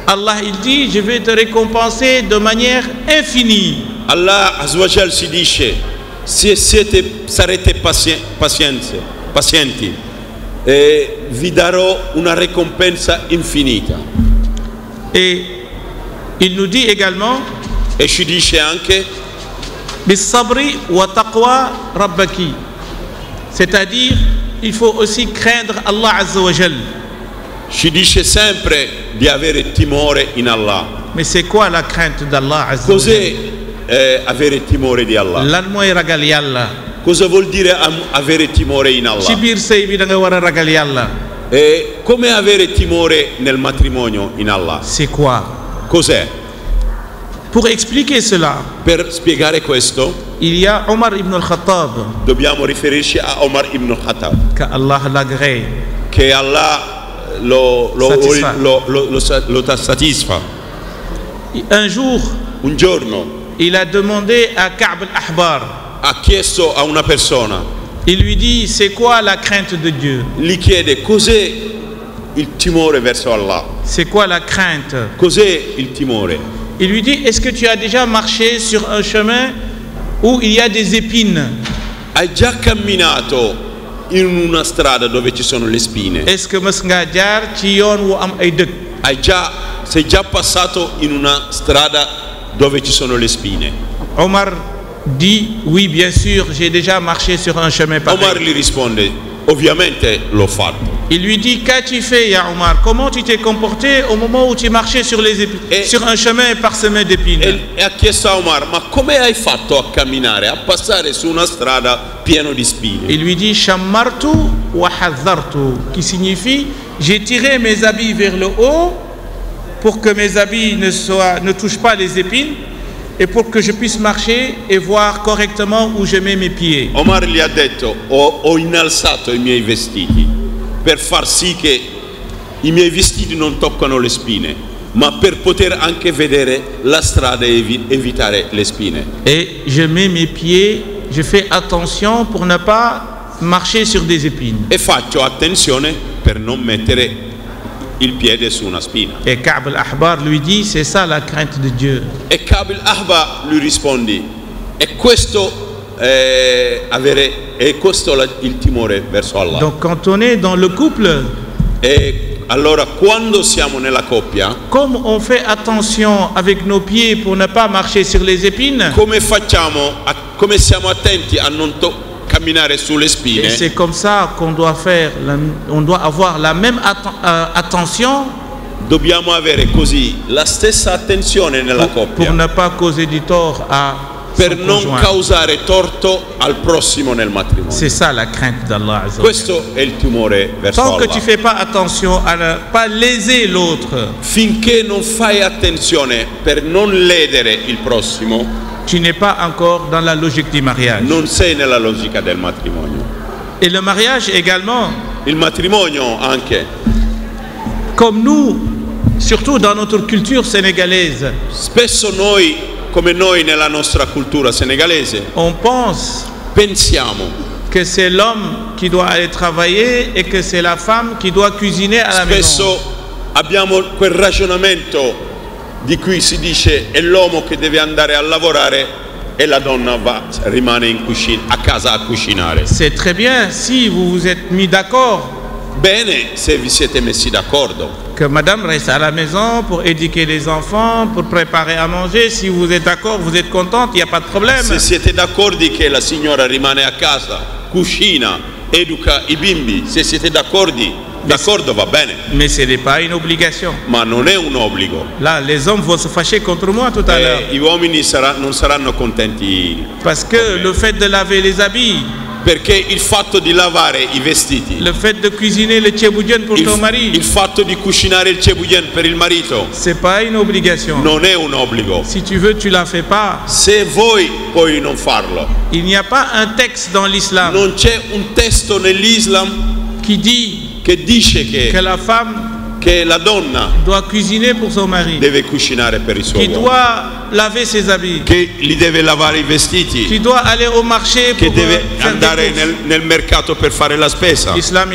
Allah il dit je vais te récompenser de manière infinie. Allah Azawajal si dice se siete sarete pazienze, pazienti. eh, vi darò una récompense infinita. Et il nous dit également E ci dice anche Bisabri wa taqwa rabbaki. C'est-à-dire, il faut aussi craindre Allah Azza wa Jal. Ci dice sempre di avere timore in Allah. Mais c'est quoi la crainte d'Allah Azza wa Jal? Cos'è eh, avere timore di Allah? Lan mooy ragal Yàlla. Cosa vuol dire avere timore in Allah? ci biir sëy bi da war a ragal yàlla. E eh, come avere timore nel matrimonio in Allah? C'est quoi? Cos'è? Pour expliquer cela. Per spiegare questo. Il y a Omar ibn al-Khattab. Dobbiamo riferirci a Omar ibn al-Khattab. Che Allah l'agrée. Che Allah lo satisfa. Un jour. Un giorno. Il a demandé à Ka'b al-Ahbar. ha chiesto a una persona, il lui dit c'est quoi la crainte de Dieu gli chiede cos'è il timore verso Allah, C'est quoi la crainte cos'è il timore. Il lui dit est-ce que tu as déjà marché sur un chemin où il y a des épines Hai già camminato in una strada dove ci sono le spine, Est-ce que mës ngaa jaar ci yoon wu am ay dëkk hai già, sei già passato in una strada dove ci sono le spine. Omar dit oui bien sûr j'ai déjà marché sur un chemin pareil Omar lui répondait ovviamente l'ho fatto il lui dit qu'as-tu fait ya Omar comment tu t'es comporté au moment où tu marchais sur les épi e, sur un chemin parsemé d'épines e, e ha chiesto a Omar ma come hai fatto a camminare a passare su una strada piena di spine il lui dit shammartu wa hazzartu qui signifie j'ai tiré mes habits vers le haut pour que mes habits ne soient ne touchent pas les épines pour que je puisse marcher e voir correctement où je mets mes pieds. Omar gli ha detto ho, ho i miei vestiti per far sì che i miei vestiti non toccano le spine, ma per poter anche vedere la strada e evitare le spine. Et je mets mes pieds, je fais attention pour ne pas marcher sur des épines. E faccio attenzione per non mettere Il pierde son aspina. Et Ka'b al-Ahbar lui dit, c'est ça la crainte de Dieu. E Ka'b al-Ahbar lui rispondit, e questo eh, avere, e questo la, il timore verso Allah. Donc quand on est dans le couple, e allora quando siamo nella coppia, comme on fait attention avec nos pieds pour ne pas marcher sur les épines, come facciamo, a, come siamo attenti a non toccare camminare sulle spine. Et c'est comme ça qu'on doit faire, on doit avoir la même att euh, attention Dobbiamo avere così la stessa attenzione nella pour, coppia. Pour ne pas causer du tort à per non conjoint. causare torto al prossimo nel matrimonio. C'est ça la crainte d'Allah Azza Questo è il timore verso Tant Allah. Tant que tu fais pas attention à ne pas léser l'autre. Finché non fai attenzione per non ledere il prossimo. tu n'es pas encore dans la logique du mariage. Non sei nella logica del matrimonio. Et le mariage également. Il matrimonio anche. Comme nous, surtout dans notre culture sénégalaise. Spesso noi, come noi nella nostra cultura senegalese. On pense. Pensiamo. Que c'est l'homme qui doit aller travailler et que c'est la femme qui doit cuisiner à la Spesso maison. Spesso abbiamo quel ragionamento di cui si dice è che deve andare a lavorare e la donna va, rimane a casa a cucinare. C'est très bien si vous vous êtes mis d'accord. Bene, se vi siete messi d'accordo. Que madame reste à la maison pour éduquer les enfants, pour préparer à manger. Si vous êtes d'accord, vous êtes contente, il n'y a pas de problème. Se siete d'accordo che la signora rimane a casa, cucina, educa i bimbi, se siete d'accordo D'accordo, va bene. Mais ce n'est pas une obbligation. Ma Là, les hommes vont se fâcher contre moi tout à eh, l'heure. Gli uomini sarà, non saranno contenti. Parce que le fait de laver les habits. Perché il fatto di lavare i vestiti. per il, tuo Il fatto di cucinare il cebugen per il marito. C'est pas une Si tu veux, tu la fais pas. Se vuoi, puoi non farlo. Il n'y a pas un texte dans l'islam. Non c'è un testo nell'Islam qui dit che dice che, che la femme che la donna doit cuisiner pour son mari, deve cucinare per il suo qui uomo, doit laver ses habits, che gli deve lavare i vestiti, qui doit aller au marché che pour deve euh, andare nel, nel, mercato per fare la spesa. L'Islam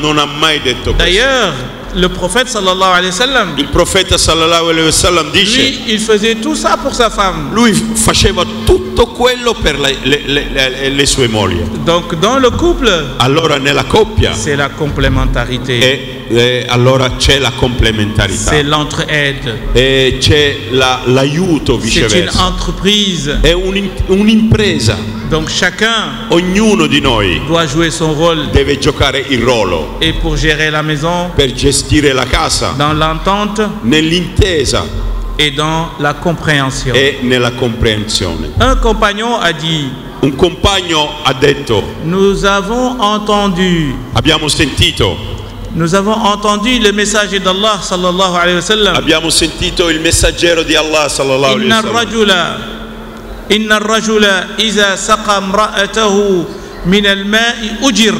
non ha mai detto questo. D'ailleurs, le prophète sallallahu alayhi wa sallam. Le prophète sallallahu alayhi wa faisait tout ça pour sa femme. Lui faceva tutto quello per le, le, Donc dans le couple. Allora nella coppia. C'est la complémentarité. E, e allora la complementarità. C'est l'entraide. E c'è la, l'aiuto viceversa. C'est une entreprise. È un, un'impresa. Donc chacun ognuno di noi doit jouer son rôle deve giocare il ruolo et pour gérer la maison per gestire la casa dans l'entente nell'intesa et dans la compréhension. E nella comprensione. Un compagnon a dit Un compagno ha detto Nous avons entendu Abbiamo sentito Nous avons entendu le messager d'Allah sallallahu alayhi wa sallam. Abbiamo sentito il messaggero di Allah sallallahu alayhi wa sallam. Inna rajula إن الرجل إذا سقى امرأته من الماء أجر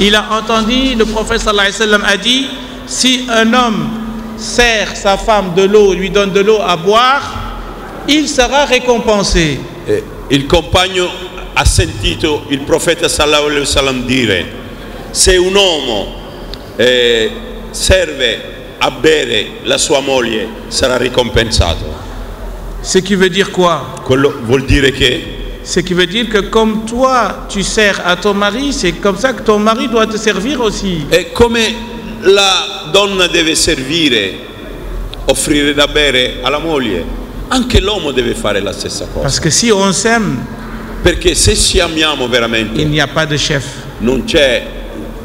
Il a entendu, le prophète sallallahu alayhi wa sallam a dit, si un homme sert sa femme de l'eau, lui donne de l'eau à boire, il sera récompensé. Eh, il compagno ha sentito il profeta sallallahu alayhi wa sallam dire, se un uomo eh, serve a bere la sua moglie, sarà ricompensato. Ce qui veut dire quoi Quello vuol dire che Ce qui veut dire que comme toi tu sers à ton mari, c'est comme ça que ton mari doit te servir aussi. è come la donna deve servire, offrire da bere alla moglie, anche l'uomo deve fare la stessa cosa. Parce que si on s'aime, Perché se ci amiamo veramente, il n'y a pas de chef. non c'è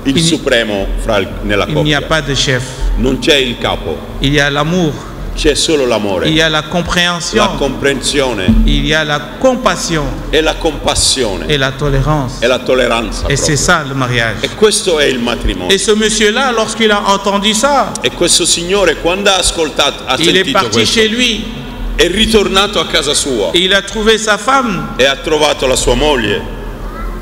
il Il- supremo fra il- nella Il n'y a coppia, pas de chef. non c'è il capo, Il y a l'amour. C'è solo l'amore. Il y a la compréhension. La comprensione. Il y a la compassion. E la compassione. Et la tolérance. Et la tolérance. Et c'est ça le mariage. E questo è il matrimonio. Et ce monsieur-là, lorsqu'il a entendu ça. E questo signore quando ha ascoltato, ha il sentito questo. Il est parti questo. chez lui. È ritornato a casa sua. Et il a trouvé sa femme. E ha trovato la sua moglie.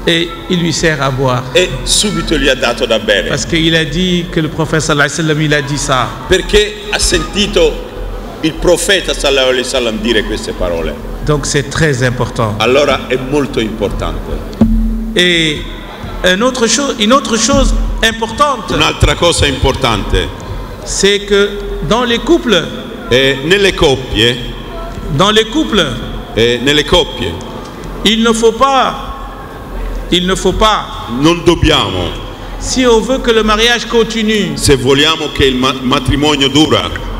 Et il lui sert à boire. Et subito gli ha dato da bere. Parce qu'il a dit que le prophète sallallahu alayhi wa sallam, il a dit ça. Perché ha sentito il profeta sallallahu alaihi wasallam dire queste parole. Donc c'est très important. Allora è molto importante. E un'altra chose, un'altra chose importante. C'est que dans les couples. E les couples. E nelle coppie. Il ne faut pas. Il Non dobbiamo. Si on veut que le mariage continue. Se vogliamo che il matrimonio dura.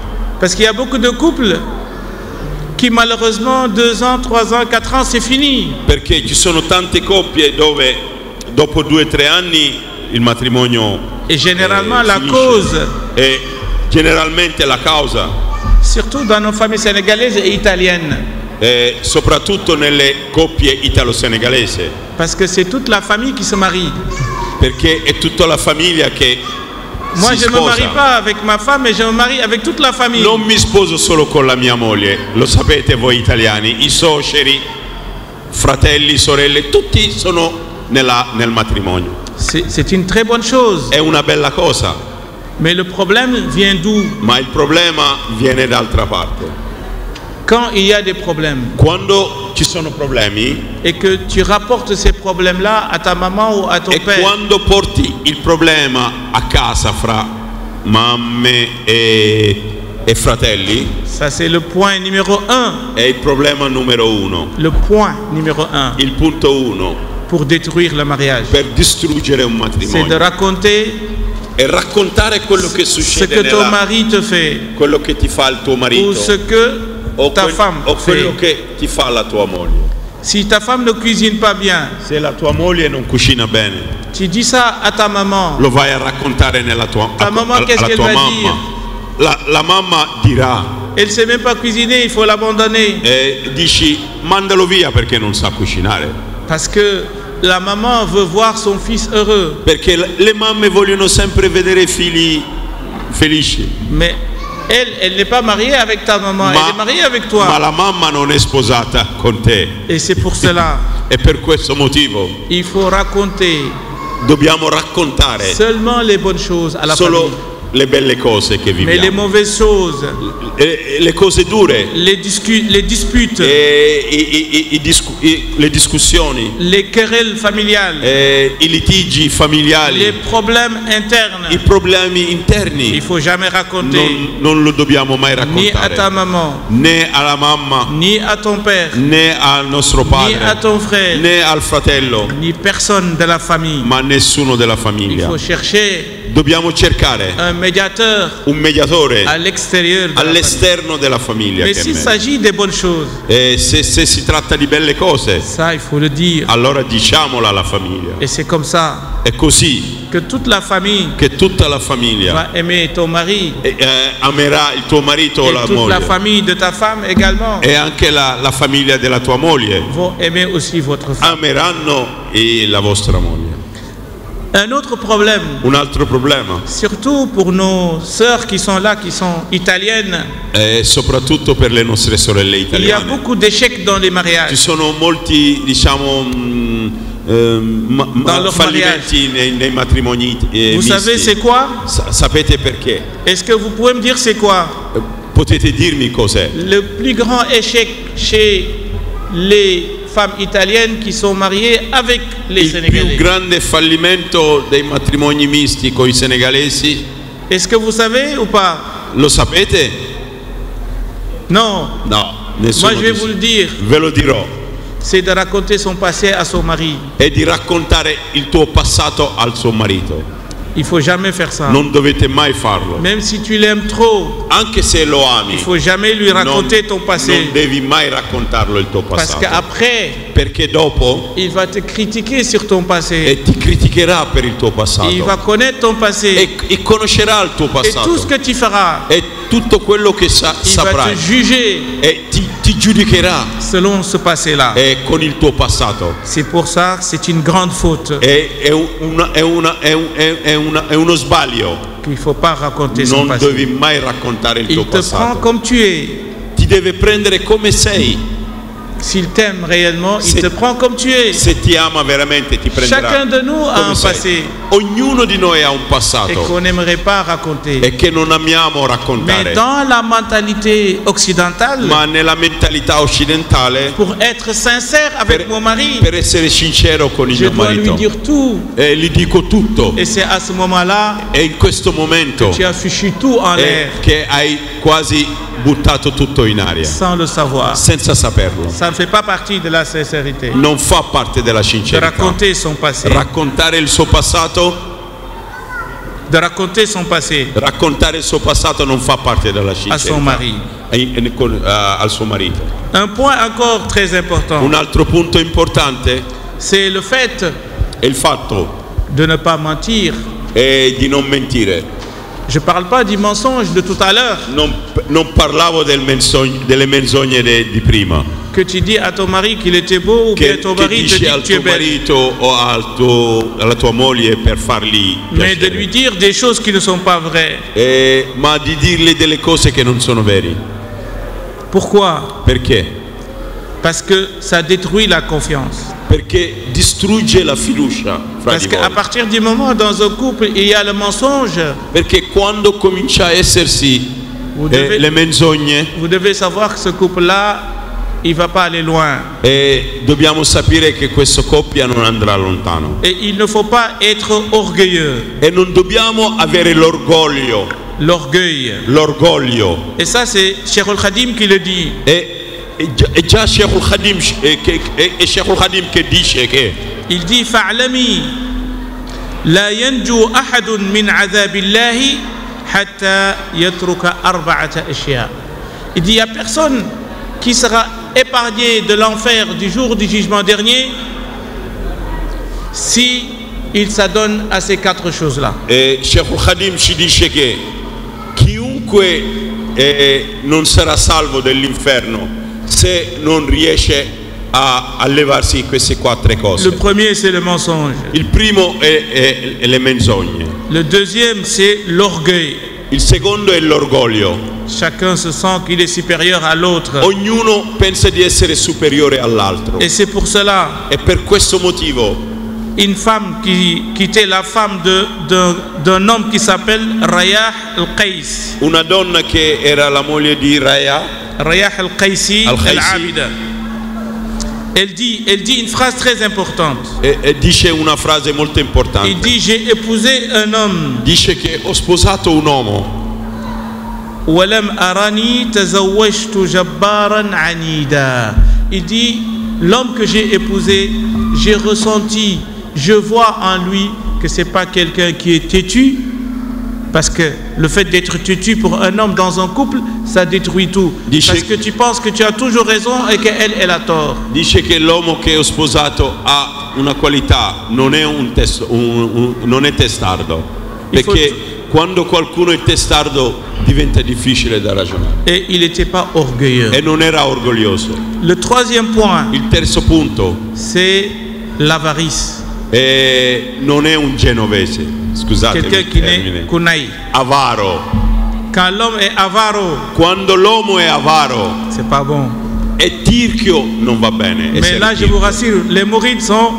Parce qu'il y a beaucoup de couples qui malheureusement deux ans, trois ans, quatre ans, c'est fini. Perché ci sono tante coppie dove dopo due, tre anni il matrimonio Et généralement eh, la finisce. cause e la causa surtout dans nos familles sénégalaises et italiennes. e soprattutto nelle coppie italo-senegalese Parce que c'est toute la famille qui se marie. perché è tutta la famiglia che Moi si je ne me marie pas avec ma femme e je me marie avec toute la famiglia. Non mi sposo solo con la mia moglie, lo sapete voi italiani, i suoceri, fratelli, sorelle, tutti sono nella, nel matrimonio. C'est une très bonne chose. È una bella cosa. Mais le problème vient d'où? Ma il problema viene d'altra parte. quand il y a des problèmes quando ci sono problemi et que tu rapportes ces problèmes-là à ta maman ou à ton e père e quando porti il problema a casa fra mamme e e fratelli ça c'est le point numéro un. è il problema numero uno le point numéro un. il punto uno pour détruire le mariage per distruggere un matrimonio c'est de raconter e raccontare quello che succede ce que ton mari te fait quello che ti fa il tuo marito ou ce que ta femme fait la tua moglie si ta femme ne cuisine pas bien se la tua moglie non cucina bene tu dis ça à ta maman lo vai a raccontare nella tua ta maman qu'est-ce qu'elle va dire la, la mamma dirà elle sait même pas cuisiner il faut l'abandonner e dici que la maman veut voir son fils heureux perché le mamme vogliono sempre vedere figli felici mais Elle, elle n'est pas mariée avec ta maman, ma, elle est mariée avec toi. Ma la mamma non è sposata con te. Et c'est pour cela. E per questo motivo. Il faut raconter. Dobbiamo raccontare. Seulement les bonnes choses à la solo famille. le belle cose che viviamo. Mais les mauvaises choses. Le, le cose dure. Les, discu- les disputes. E, i, i, i discu- le discussioni. Les querelles familiali. E, I litigi familiari. Les problèmes internes. I problemi interni. Il faut jamais raconter. Non, non lo dobbiamo mai raccontare. Ni a ta maman. Né alla mamma. Ni à ton père. Né al nostro padre. Ni à ton Né al fratello. Ni personne de la famille. Ma nessuno della chercher dobbiamo cercare un médiateur, un mediatore all'esterno della, della famiglia. Mais s'il s'agit des bonnes choses, e se, si tratta di belle cose, allora diciamola alla famiglia. E c'est comme ça. È così. Che tutta la famiglia, che tutta la famiglia va e, eh, il tuo marito o la moglie. de ta femme également. E anche la, la famiglia della tua moglie. Ameranno la vostra moglie. Un autre problème. Un altro problema. Surtout pour nos sœurs qui sont là, qui sont italiennes. E soprattutto per le nostre sorelle Il y a italiane. beaucoup d'échecs dans les Ci mariages. sono molti, diciamo, mh, mm, ehm, eh, ma- ma- loro Vous savez c'est quoi Sa- sapete ce que vous pouvez me dire c'est quoi Eh, Potete dirmi cos'è? Le plus grand échec chez les femmes italiennes qui sono mariées avec les Il più Senegalais. grande fallimento dei matrimoni misti con i senegalesi, Est-ce que vous savez ou pas lo sapete? Non. No, nessuno. Moi, je vais di- vous le dire. Ve lo dirò. C'est de raconter son passé à son mari. È e di raccontare il tuo passato al suo marito. Il faut jamais faire ça. Non dovete mai farlo. Même si tu l'aimes trop. Anche se lo ami. Il faut jamais lui racconter non, ton passé. Non devi mai raccontarlo il tuo passato. Parce qu'après. Perché dopo. Il va te critiquer sur ton passé. E ti criticherà per il tuo passato. Il va connaître ton passé. E, e conoscerà il tuo passato. Et tout ce que tu feras. E tutto quello che sa, il saprai. Il va te juger. E ti ti giudicherà. Selon ce passé-là. E con il tuo passato. C'est pour ça que c'est une grande faute. È, è, una, è, una, è, è, è, una, è uno sbaglio. Qu'il faut pas raconter non son passé. Non devi mai raccontare il, il tuo passato. Il te prend comme tu es. Ti deve prendere come sei. S'il t'aime réellement, il te prend comme tu es. Se ti ama veramente ti prenderà. Chacun de nous a un passé. Ognuno di noi ha un passato. Et qu'on n'aimerait pas raconter. E che non amiamo raccontare. Mais la mentalité occidentale. Ma nella mentalità occidentale. Pour être sincère avec mon mari. Per essere sincero con il mio marito. dire tout. E gli c'est à ce moment-là. E in questo momento. Tu as fichu tout en e l'air. Che hai buttato tutto in aria. Sans le savoir. Senza saperlo. Ça ne fait partie de la sincérité. Non fa parte della sincerità. De raconter son passé. Raccontare il suo passato. De raconter son passé. Raccontare il suo passato non fa parte della sincerità. A son mari. E, e, e, eh, al suo marito. Un point encore très important. Un altro punto importante. C'est le fait. È il fatto. De ne pas mentir. E di non mentire. Je ne parle pas du mensonge de tout à l'heure. Non, non parlavo del mensogno, delle menzogne de, di prima. Che ti di a tuo marito qu'il était beau ou che, che tuo marito dici al tuo marito o al tuo, alla tua moglie per fargli piacere. Mais de lui dire des choses qui ne sont pas vraies. Eh, ma di dirle delle cose che non sono vere. Pourquoi? Perché? parce que ça détruit la confiance. Perché distrugge la fiducia. Parce qu'à partir du moment dans un couple il y a le mensonge. Perché quando comincia a esserci eh, le menzogne. Vous devez savoir que ce couple-là il va pas aller loin. E dobbiamo sapere che questa coppia non andrà lontano. Et il ne faut pas être orgueilleux. E non dobbiamo avere l'orgoglio. L'orgueil. L'orgoglio. Et ça c'est Cheikh Al Khadim qui le dit. Et جاء الشيخ الخديم الشيخ الخديم كديش Il dit فاعلمي لا ينجو أحد من عذاب الله حتى يترك أربعة أشياء. Il dit il n'y a personne sera épargné de l'enfer du jour du jugement dernier si il s'adonne à ces quatre choses-là. Cheikhul Khadim ci dice che non sarà salvo dell'inferno se non riesce a, a levarsi queste quattro cose. Le premier, c'est le mensonge. Il primo è, le menzogne. Le deuxième, c'est l'orgueil. Il secondo è l'orgoglio. Chacun se sent qu'il est supérieur à l'autre. Ognuno pensa di essere all'altro. Et c'est pour cela, E per questo motivo une femme qui, qui la femme de- d'un homme qui s'appelle Rayah al-Qais. una donna che era la moglie di Raya Rayah al-Qaysi al-Abida. Elle dit, elle dit une phrase très importante. E dice una frase molto importante. Il dit j'ai épousé un homme. Dice che ho sposato un uomo. ولم أرني تزوجت جبارا عنيدا. Il dit l'homme que j'ai épousé, j'ai ressenti, je vois en lui que c'est pas quelqu'un qui est têtu. Parce que le fait d'être tutu pour un homme dans un couple, ça détruit tout. Dice Parce que tu penses que tu as toujours raison et qu'elle, elle a tort. Dice che l'uomo che è sposato ha una qualità, non è, un test, un, un, non è testardo. Perché quando qualcuno è testardo diventa difficile da ragionare. Et il n'était pas orgueilleux. E non era orgoglioso. Le troisième point. Il terzo punto. C'est l'avarice. E non è un genovese. Scusate. Quelqu'un qui eh, n'est kunai. Avaro. Quand l'homme est avaro. Quando l'uomo è avaro. C'est pas bon. E tirchio non va bene. Mais là, je vous rassure, les mourides sont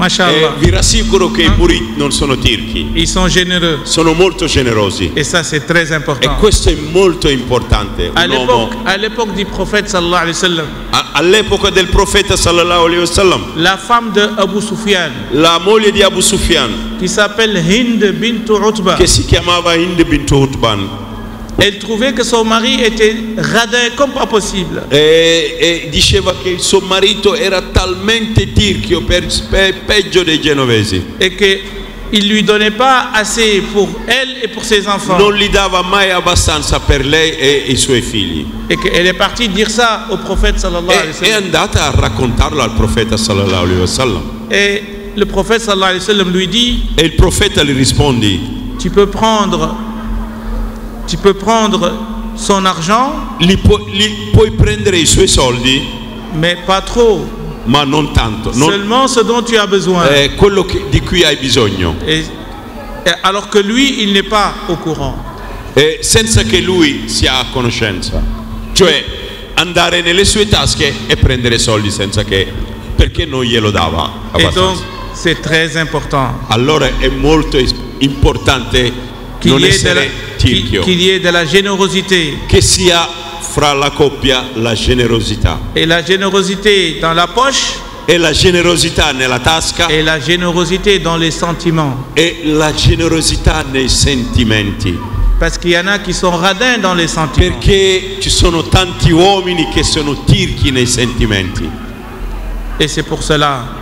Mashallah. E vi rassicuro che i Burit non sono turchi. Ils sont généreux. Sono molto generosi. Et ça c'est très important. E questo è molto importante. À l'époque du prophète sallallahu alayhi wa sallam. All'epoca del profeta sallallahu alayhi wa sallam. La femme de Abu Sufyan. La moglie di Abu Sufyan. Qui s'appelle Hind bint Utba. Che si chiamava Hind bint Utban. Elle trouvait que son mari était radin comme pas possible. E, e diceva che suo marito era talmente tirchio per, per, peggio dei genovesi. E che il lui donnait pas assez pour elle et pour ses enfants. Non gli dava mai abbastanza per lei e i suoi figli. E che elle est partie dire ça au prophète sallallahu alayhi wa e, e sallam. È andata a raccontarlo al profeta sallallahu alayhi wa sallam. E le prophète sallallahu alayhi wa sallam lui dit. E il profeta gli rispondi. Tu peux prendre tu peux prendre son argent li puoi, li puoi prendere i suoi soldi mais pas trop ma non tanto non, seulement ce dont tu as besoin eh, quello che, di cui hai bisogno et, et alors que lui il n'est pas au courant eh, senza che lui sia a conoscenza cioè andare nelle sue tasche e prendere soldi senza che perché non glielo dava abbastanza C'est très important. Allora è molto importante Qu'il non essere Qu'il qu y ait de la générosité. Che sia fra la coppia la generosità. Et la générosité dans la poche. E la generosità nella tasca. Et la générosité dans les sentiments. E la generosità nei sentimenti. Parce qu'il y en a qui sont radins dans les sentiments. Perché ci sono tanti uomini che sono tirchi nei sentimenti. Et c'est pour cela.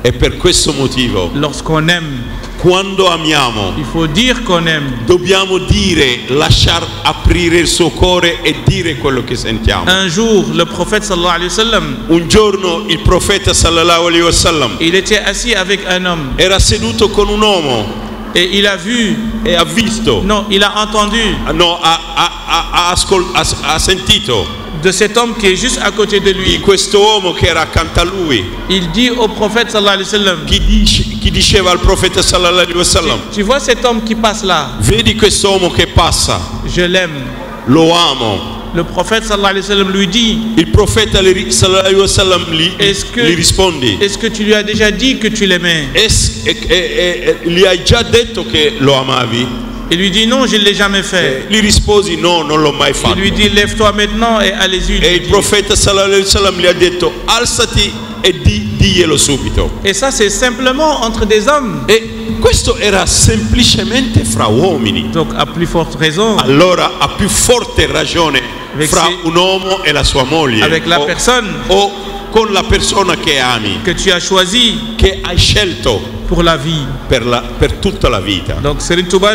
E per questo motivo. Lorsqu'on aime. Quando amiamo, il faut dire qu'on aime. dobbiamo dire, lasciar aprire il suo cuore e dire quello che sentiamo. Un jour, le prophète sallallahu alayhi wa sallam, un giorno il profeta sallallahu alayhi wa sallam, il était assis avec un homme. Era seduto con un uomo. Et il a vu. E ha visto. Non, il a entendu. Ah, no, ha, ha, ha, ha, ha sentito. de cet homme qui est juste à côté de lui. Di questo uomo che era accanto a lui. Il dit au prophète sallallahu alayhi wa sallam. Chi dice, chi diceva al profeta sallallahu alaihi wasallam tu vois cet homme qui passe là vedi quest'uomo che passa je l'aime lo amo le prophète sallallahu alayhi wa sallam lui dit il prophète sallallahu alayhi wa sallam lui, est-ce que, lui risponde est-ce que tu lui as déjà dit que tu l'aimais est-ce, eh, eh, eh, gli hai già detto che lo amavi Il lui dit non, je ne l'ai jamais fait. Lui rispose no, non l'ho mai fatto. Il lui dit lève-toi maintenant et allez-y. Et il profeta sallallahu alaihi wasallam gli ha detto alzati e di, diglielo subito. E ça c'est simplement entre des hommes. E questo era semplicemente fra uomini. Donc à plus forte raison. Allora a più forte ragione Avec fra un uomo e la sua moglie. Avec la o, personne. O con la persona che ami. Che tu as choisi. Che hai scelto. Pour la vie. Per, tutta la vita. Donc Serigne Touba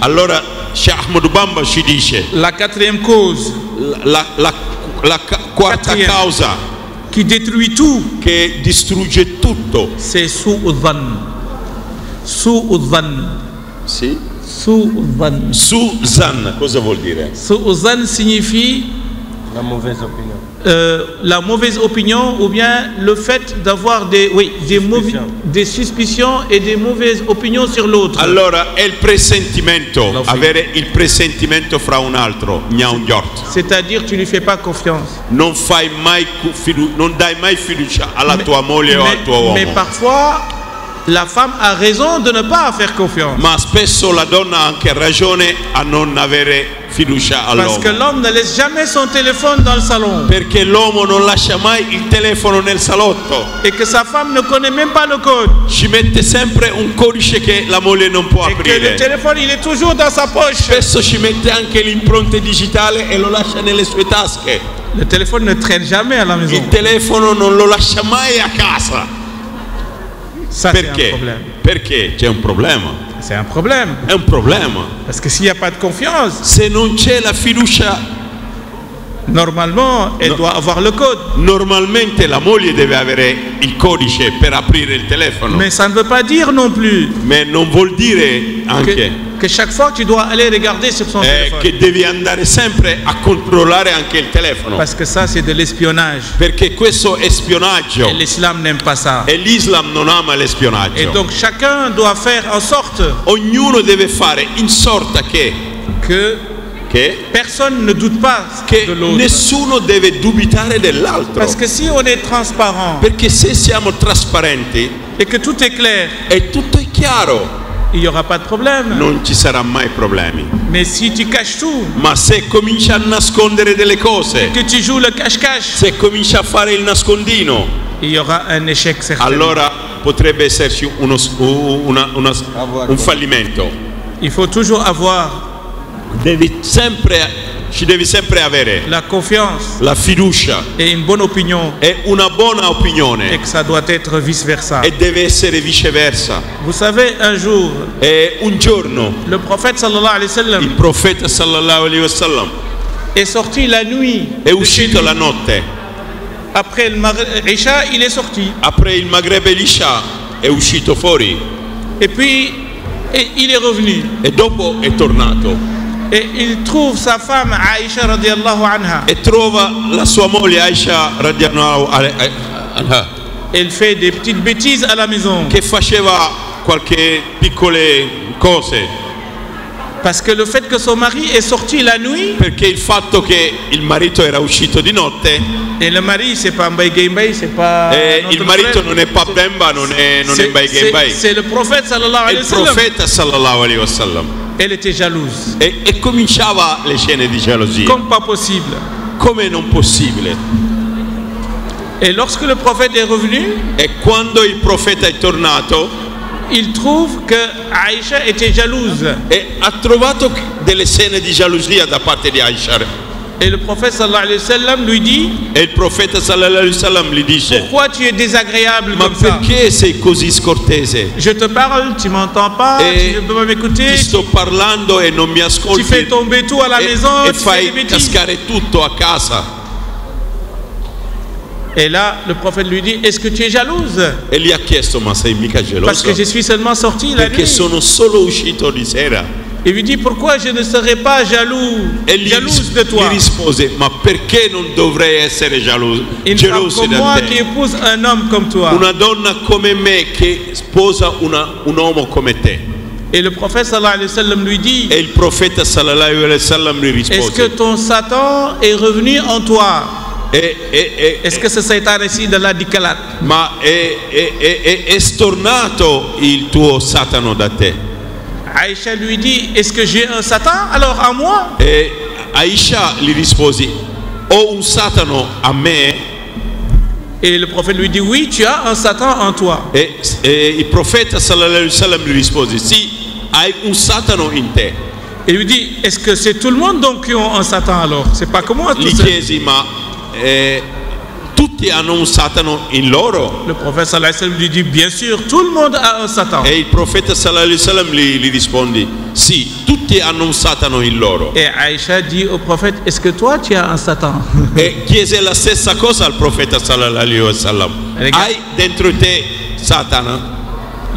Allora Cheikh Ahmadou Bamba ci dice. La quatrième cause. La, quarta causa. Qui détruit tout. Che distrugge tutto. C'est su'udhan. Su'udhan. Sì. Si. Sous-zan. Sous-zan, cosa vuol dire? sous la mauvaise opinion. Euh, ou bien le fait d'avoir des, oui, des, des suspicions e des mauvaises opinions sur l'autre. Allora è il presentimento, no, avere il presentimento un altro, C'est-à-dire tu lui fais pas confiance. Non, fai dai mai fiducia alla mais, tua moglie mais, o al Mais parfois la femme ha raison di non pas faire confiance. Ma spesso la donna ha anche ragione a non avere fiducia all'uomo. Perché l'uomo non laisse jamais son téléphone dans le salon. Perché l'uomo non lascia mai il telefono nel salotto. E che sa femme ne connaît même pas le code. Ci mette sempre un codice che la moglie non può e aprire. Che il telefono il è toujours dans sa poche. Spesso ci mette anche l'impronta digitale e lo lascia nelle sue tasche. Il telefono ne traîne jamais à la maison. Il telefono non lo lascia mai a casa. Ça, perché? Un perché c'è un problema. C'est un problème. Un problème. Parce que s'il n'y a pas de confiance. Se non c'è la fiducia Normalmente no. doit avoir le code. Normalmente la moglie deve avere il codice per aprire il telefono. Mais ça ne veut pas dire non plus. Mais non vuol dire anche. Che, che chaque fois tu dois aller regarder sur son eh, téléphone. Che devi andare sempre a controllare anche il telefono. Parce que ça c'est de l'espionnage. Perché questo è spionaggio. Et l'islam n'aime pas ça. E l'islam non ama l'espionaggio. Et donc chacun doit faire en sorte. Ognuno deve fare in sorta che. Che che Personne ne doute pas che de l'autre. nessuno deve dubitare dell'altro. Parce que si on est transparent perché se siamo trasparenti et que tout est clair, e tutto è chiaro il n'y aura pas de problème. non ci sarà mai problemi. Mais si tu caches tout, Ma se cominci a nascondere delle cose, que tu joues le cache-cache, se cominci a fare il nascondino, il y aura échec certain. allora potrebbe esserci un fallimento. Il faut toujours avoir devi sempre ci devi sempre avere la confiance la fiducia e une bonne opinion e una buona opinione et que ça doit être vice versa e deve essere viceversa vous savez un jour e un giorno le prophète sallallahu alayhi wa sallam il profeta sallallahu alayhi wa sallam est sorti la nuit è uscito la notte après il maghreb isha il est sorti après il maghreb e l'isha è uscito fuori et puis et il est revenu e dopo è tornato Et il trouve sa femme Aïcha radiallahu anha. E trova la sua moglie Aïcha radiallahu anha. Elle Che faceva qualche piccole cose. Parce que le fait que son mari est sorti la nuit. Perché il fatto che il marito era uscito di notte. Et le mari c'est pas Mbaye Gay c'est pas. Eh, il marito non è pas Bemba, non è, non è Mbaye Gay C'est le prophète sallallahu alayhi wa sallam. Il profeta sallallahu alayhi wa sallam. Elle était jalouse. E, e cominciava le scene di gelosia. Comme pas possible. Come non possibile. Et lorsque le prophète est revenu, e quando il profeta è tornato, il trouve che Aisha était jalouse. E ha trovato delle scene di gelosia da parte di Aisha. Et le prophète sallallahu alayhi wa sallam lui dit Et le prophète sallallahu alayhi wa sallam lui dit Pourquoi tu es désagréable Ma comme ça Je te parle, tu m'entends pas, et tu ne peux pas m'écouter. Sto parlando e non mi ascolti. Tu fais tomber tout à la e, maison, e tu fai fais cascare tutto a casa. Et là, le prophète lui dit Est-ce que tu es jalouse E gli ha chiesto Ma sei mica gelosa? Parce que je suis seulement sorti la Perché nuit. Perché sono solo uscito di sera. E vi dit pourquoi je ne serai pas jaloux, e gli, jalouse de toi. Gli rispose, ma perché non dovrei essere geloso, Une geloso femme comme moi te? qui épouse un homme comme toi. Una donna come me che sposa una, un uomo come te. Et le prophète sallallahu alayhi wa sallam lui dit Et le prophète sallallahu alayhi wa sallam lui rispose Est-ce que ton Satan est revenu en toi e, e, e, Est-ce che se Satan è sì dalla dicalat? Ma è, è, è, è stornato il tuo Satano da te Aïcha lui dit, est-ce que j'ai un Satan alors à moi E Aïcha lui rispose, ho un Satano a me? Et le prophète lui dit, oui, tu as un Satan en toi. E, e il prophète sallallahu alayhi wa sallam lui rispose, sì, hai un Satano in te. Et lui dit, est-ce que c'est tout le monde donc qui ont un Satan alors? C'est pas que moi tout seul. Gli chiesi, ma eh, tutti hanno un Satano in loro. Le prophète sallallahu alayhi wa sallam lui dit bien sûr, tout le monde a un Satan. E il profeta sallallahu alayhi wa sallam gli, gli risponde sì, tutti hanno un Satano in loro. E Aisha dit au prophète est-ce que toi tu as un Satan? e chiese la stessa cosa al profeta sallallahu alayhi wa sallam. Hai dentro te Satana?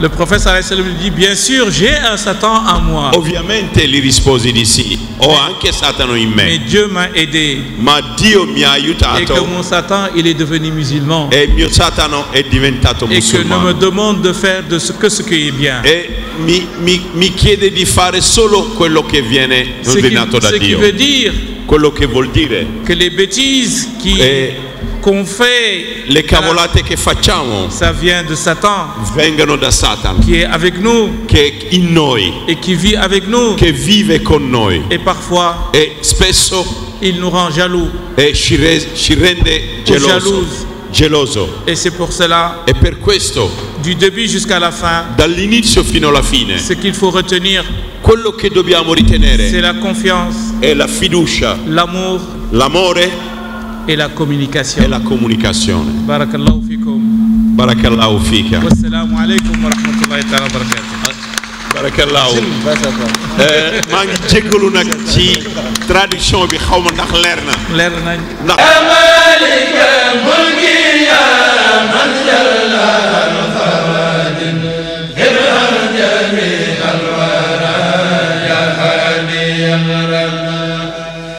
Le prophète sallallahu dit bien sûr, j'ai un Satan en moi. Ovviamente lui rispose di sì. Oh, Ho anche Satano in me. Mais Dieu m'a aidé. Ma Dio mi ha aiutato. Et que mon Satan, il est devenu musulman. E mio Satano è diventato musulmano. Et que ne me demande de faire de ce que ce qui est bien. E mi, mi, mi chiede di fare solo quello che viene ordinato da Dio. Ce qui veut dire quello che vuol dire che le bêtises qui e qu'on fait le cavolate che facciamo ça vient de Satan vengono da Satana qui est avec nous che è in noi et qui vit avec nous che vive con noi et parfois e spesso il nous rend jaloux e ci, re, ci rende geloso geloso e c'est pour cela e per questo du début jusqu'à la fin dall'inizio fino alla fine ce qu'il faut retenir quello che dobbiamo ritenere c'est la confiance è la fiducia l'amore l'amore et lah communication. et la communication. E barakallahu fiikum. barakallahu ah, eh, nag ci traduction bi xaw ma ndax leer na. leer nañ ndax.